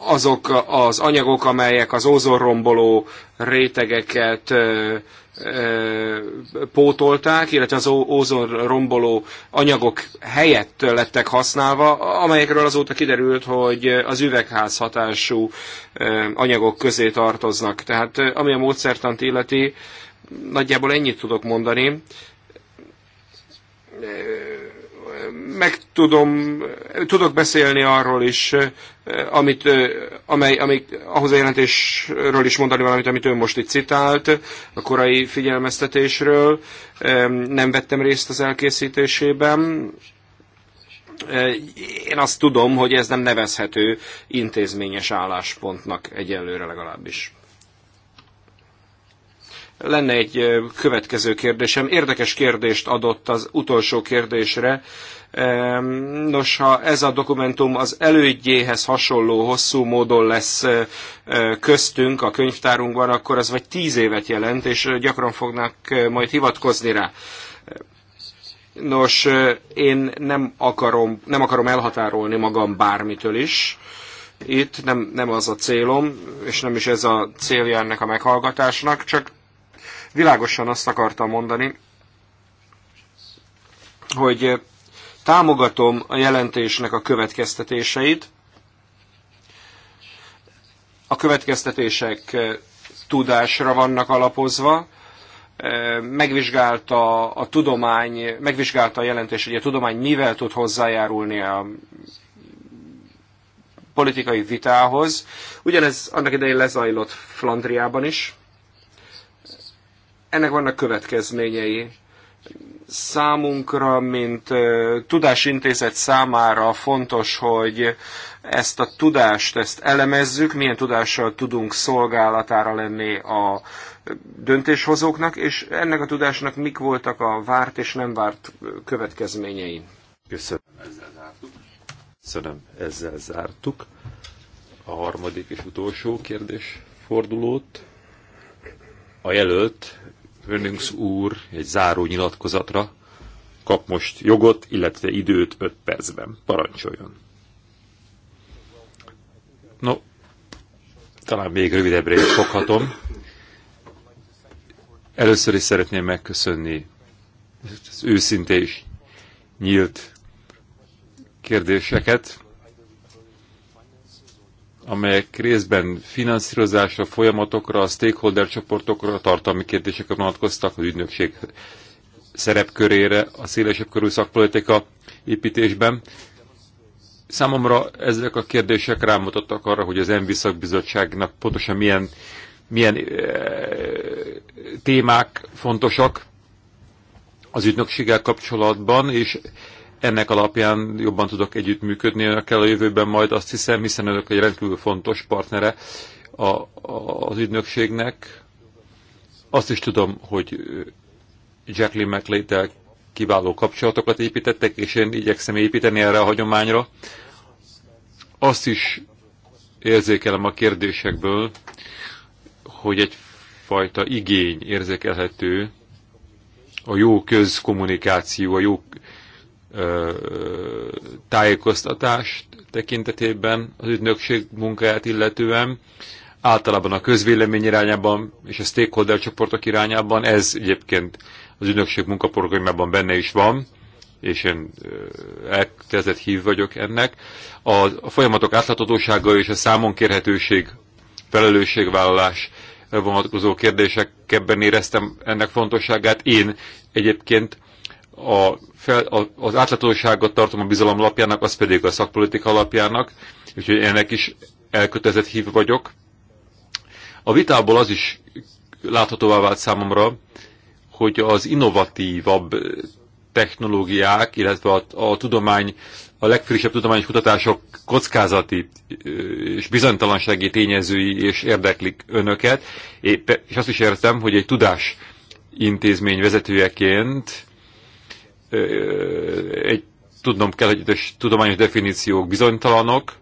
azok az anyagok, amelyek az ózorromboló rétegeket pótolták, illetve az ózon romboló anyagok helyett lettek használva, amelyekről azóta kiderült, hogy az üvegház hatású anyagok közé tartoznak. Tehát ami a módszertant illeti, nagyjából ennyit tudok mondani meg tudom, tudok beszélni arról is, amit, amely, amik, ahhoz a jelentésről is mondani valamit, amit ön most itt citált, a korai figyelmeztetésről. Nem vettem részt az elkészítésében. Én azt tudom, hogy ez nem nevezhető intézményes álláspontnak egyelőre legalábbis. Lenne egy következő kérdésem. Érdekes kérdést adott az utolsó kérdésre Nos, ha ez a dokumentum az elődjéhez hasonló hosszú módon lesz köztünk a könyvtárunkban, akkor az vagy tíz évet jelent, és gyakran fognak majd hivatkozni rá. Nos, én nem akarom, nem akarom elhatárolni magam bármitől is. Itt nem, nem az a célom, és nem is ez a célja ennek a meghallgatásnak, csak világosan azt akartam mondani, hogy Támogatom a jelentésnek a következtetéseit. A következtetések eh, tudásra vannak alapozva. Eh, megvizsgálta a tudomány, megvizsgálta a jelentés, hogy a tudomány mivel tud hozzájárulni a politikai vitához. Ugyanez annak idején lezajlott Flandriában is. Ennek vannak következményei. Számunkra, mint tudásintézet számára fontos, hogy ezt a tudást, ezt elemezzük, milyen tudással tudunk szolgálatára lenni a döntéshozóknak, és ennek a tudásnak mik voltak a várt és nem várt következményei. Köszönöm, ezzel zártuk. Köszönöm, ezzel zártuk a harmadik és utolsó kérdés fordulót. A jelölt Önöks úr egy záró nyilatkozatra kap most jogot, illetve időt 5 percben. Parancsoljon. No, talán még rövidebbre is foghatom. Először is szeretném megköszönni az őszinte és nyílt kérdéseket, amelyek részben finanszírozásra, folyamatokra, a stakeholder csoportokra, a tartalmi kérdésekre vonatkoztak, az ügynökség szerepkörére, a szélesebb körű szakpolitika építésben. Számomra ezek a kérdések rámutattak arra, hogy az ENVI szakbizottságnak pontosan milyen, milyen e, témák fontosak az ügynökséggel kapcsolatban, és ennek alapján jobban tudok együttműködni önökkel a jövőben majd, azt hiszem, hiszen önök egy rendkívül fontos partnere a, a, az ügynökségnek. Azt is tudom, hogy Jacqueline mcleod kiváló kapcsolatokat építettek, és én igyekszem építeni erre a hagyományra. Azt is érzékelem a kérdésekből, hogy egyfajta igény érzékelhető a jó közkommunikáció, a jó tájékoztatást tekintetében az ügynökség munkáját illetően, általában a közvélemény irányában és a stakeholder csoportok irányában, ez egyébként az ügynökség munkaprogramjában benne is van, és én elkezdett hív vagyok ennek. A, a folyamatok átláthatósága és a számon kérhetőség, felelősségvállalás vonatkozó kérdések ebben éreztem ennek fontosságát. Én egyébként a fel, a, az átláthatóságot tartom a bizalom alapjának, az pedig a szakpolitika alapjának, úgyhogy ennek is elkötelezett hív vagyok. A vitából az is láthatóvá vált számomra, hogy az innovatívabb technológiák, illetve a, a tudomány, a legfrissebb tudományos kutatások kockázati és bizonytalansági tényezői és érdeklik önöket, és azt is értem, hogy egy tudás intézmény vezetőjeként egy, tudnom kell, hogy egyes tudományos definíciók bizonytalanok,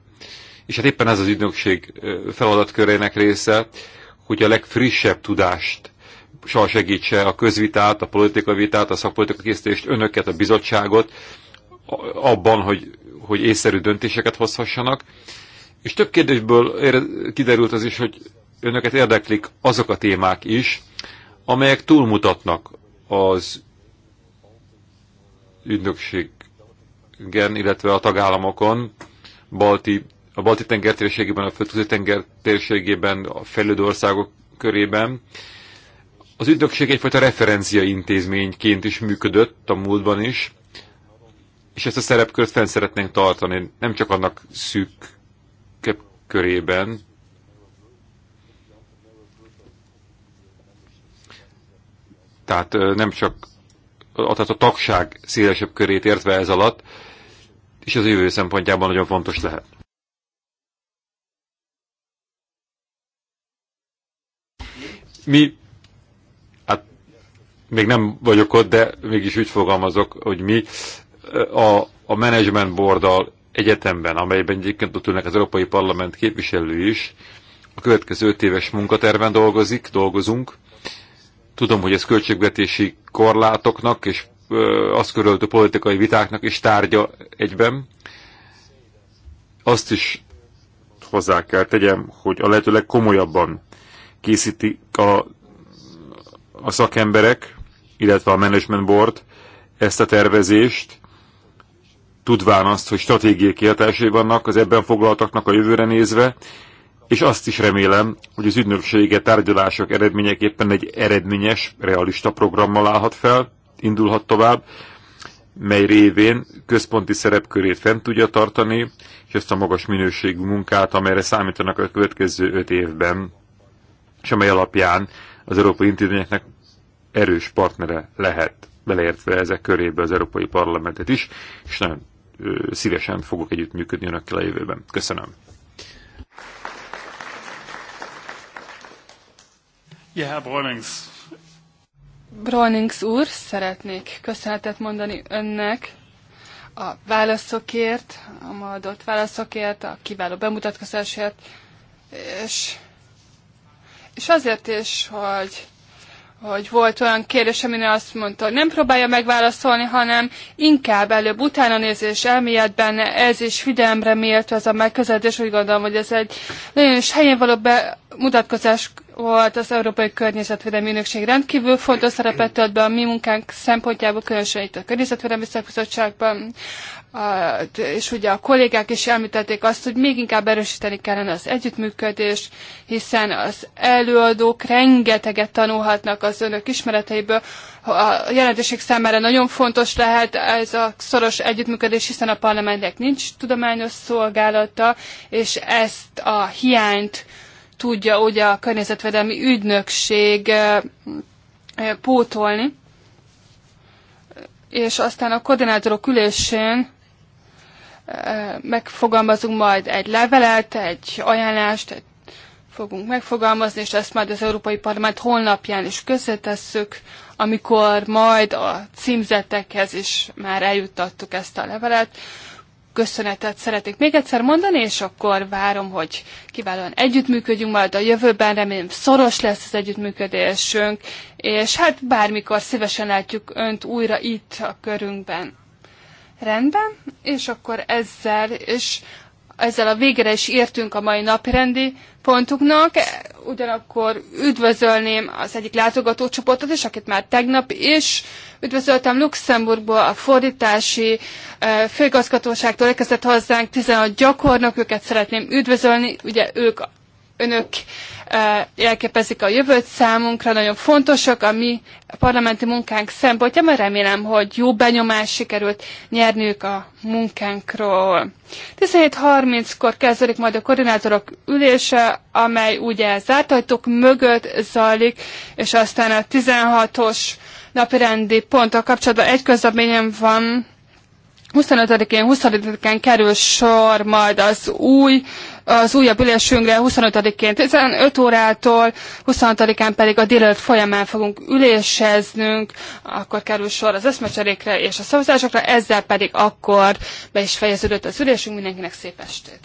és hát éppen ez az ügynökség feladatkörének része, hogy a legfrissebb tudást soha segítse a közvitát, a politikai vitát, a szakpolitikai készítést, önöket, a bizottságot abban, hogy, hogy észszerű döntéseket hozhassanak. És több kérdésből kiderült az is, hogy önöket érdeklik azok a témák is, amelyek túlmutatnak az ügynökségen, illetve a tagállamokon, balti, a balti tenger térségében, a földközi tenger térségében, a fejlődő országok körében. Az ügynökség egyfajta referencia intézményként is működött a múltban is, és ezt a szerepkört fenn szeretnénk tartani, nem csak annak szűk körében, tehát nem csak tehát a tagság szélesebb körét értve ez alatt, és az jövő szempontjában nagyon fontos lehet. Mi, hát még nem vagyok ott, de mégis úgy fogalmazok, hogy mi a, a management boarddal egyetemben, amelyben egyébként ott ülnek az Európai Parlament képviselő is, a következő öt éves munkaterven dolgozik, dolgozunk, Tudom, hogy ez költségvetési korlátoknak és azt körültő politikai vitáknak is tárgya egyben. Azt is hozzá kell tegyem, hogy a lehető legkomolyabban készítik a, a szakemberek, illetve a management board ezt a tervezést, tudván azt, hogy stratégiai kihatásai vannak az ebben foglaltaknak a jövőre nézve, és azt is remélem, hogy az ügynöksége tárgyalások eredményeképpen egy eredményes, realista programmal állhat fel, indulhat tovább, mely révén központi szerepkörét fent tudja tartani, és ezt a magas minőségű munkát, amelyre számítanak a következő öt évben, és amely alapján az európai intézményeknek erős partnere lehet, beleértve ezek körébe az Európai Parlamentet is, és nagyon szívesen fogok együttműködni önökkel a jövőben. Köszönöm. Ja, Herr Bräunings. Bräunings úr, szeretnék köszönetet mondani önnek a válaszokért, a ma adott válaszokért, a kiváló bemutatkozásért, és, és azért is, hogy hogy volt olyan kérdés, amire azt mondta, hogy nem próbálja megválaszolni, hanem inkább előbb utána nézés elmélyed benne, ez is figyelemre méltó az a megközelítés, úgy gondolom, hogy ez egy nagyon is helyén való bemutatkozás volt az Európai Környezetvédelmi Ünökség rendkívül fontos szerepet tölt be a mi munkánk szempontjából, különösen itt a Környezetvédelmi Szakbizottságban, és ugye a kollégák is említették azt, hogy még inkább erősíteni kellene az együttműködést, hiszen az előadók rengeteget tanulhatnak az önök ismereteiből. A jelentőség számára nagyon fontos lehet ez a szoros együttműködés, hiszen a parlamentnek nincs tudományos szolgálata, és ezt a hiányt tudja ugye a környezetvédelmi ügynökség pótolni. És aztán a koordinátorok ülésén megfogalmazunk majd egy levelet, egy ajánlást, egy fogunk megfogalmazni, és ezt majd az Európai Parlament holnapján is közzétesszük, amikor majd a címzetekhez is már eljuttattuk ezt a levelet köszönetet szeretnék még egyszer mondani, és akkor várom, hogy kiválóan együttműködjünk majd a jövőben, remélem szoros lesz az együttműködésünk, és hát bármikor szívesen látjuk Önt újra itt a körünkben. Rendben, és akkor ezzel, és ezzel a végre is értünk a mai napirendi pontunknak. Ugyanakkor üdvözölném az egyik látogatócsoportot is, akit már tegnap is üdvözöltem Luxemburgból, a fordítási főigazgatóságtól érkezett hozzánk 16 gyakornok, őket szeretném üdvözölni. Ugye ők önök jelképezik a jövőt számunkra, nagyon fontosak a mi parlamenti munkánk szempontjából Remélem, hogy jó benyomást sikerült nyerniük a munkánkról. 17.30-kor kezdődik majd a koordinátorok ülése, amely ugye zárt ajtók mögött zajlik, és aztán a 16-os napirendi ponttal kapcsolatban egy közleményem van, 25-én, 25-én kerül sor majd az új, az újabb ülésünkre 25-én 15 órától, 26-án pedig a délelőtt folyamán fogunk üléseznünk, akkor kerül sor az eszmecserékre és a szavazásokra, ezzel pedig akkor be is fejeződött az ülésünk, mindenkinek szép estét!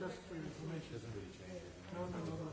just for information. Doesn't really No, no, no. no.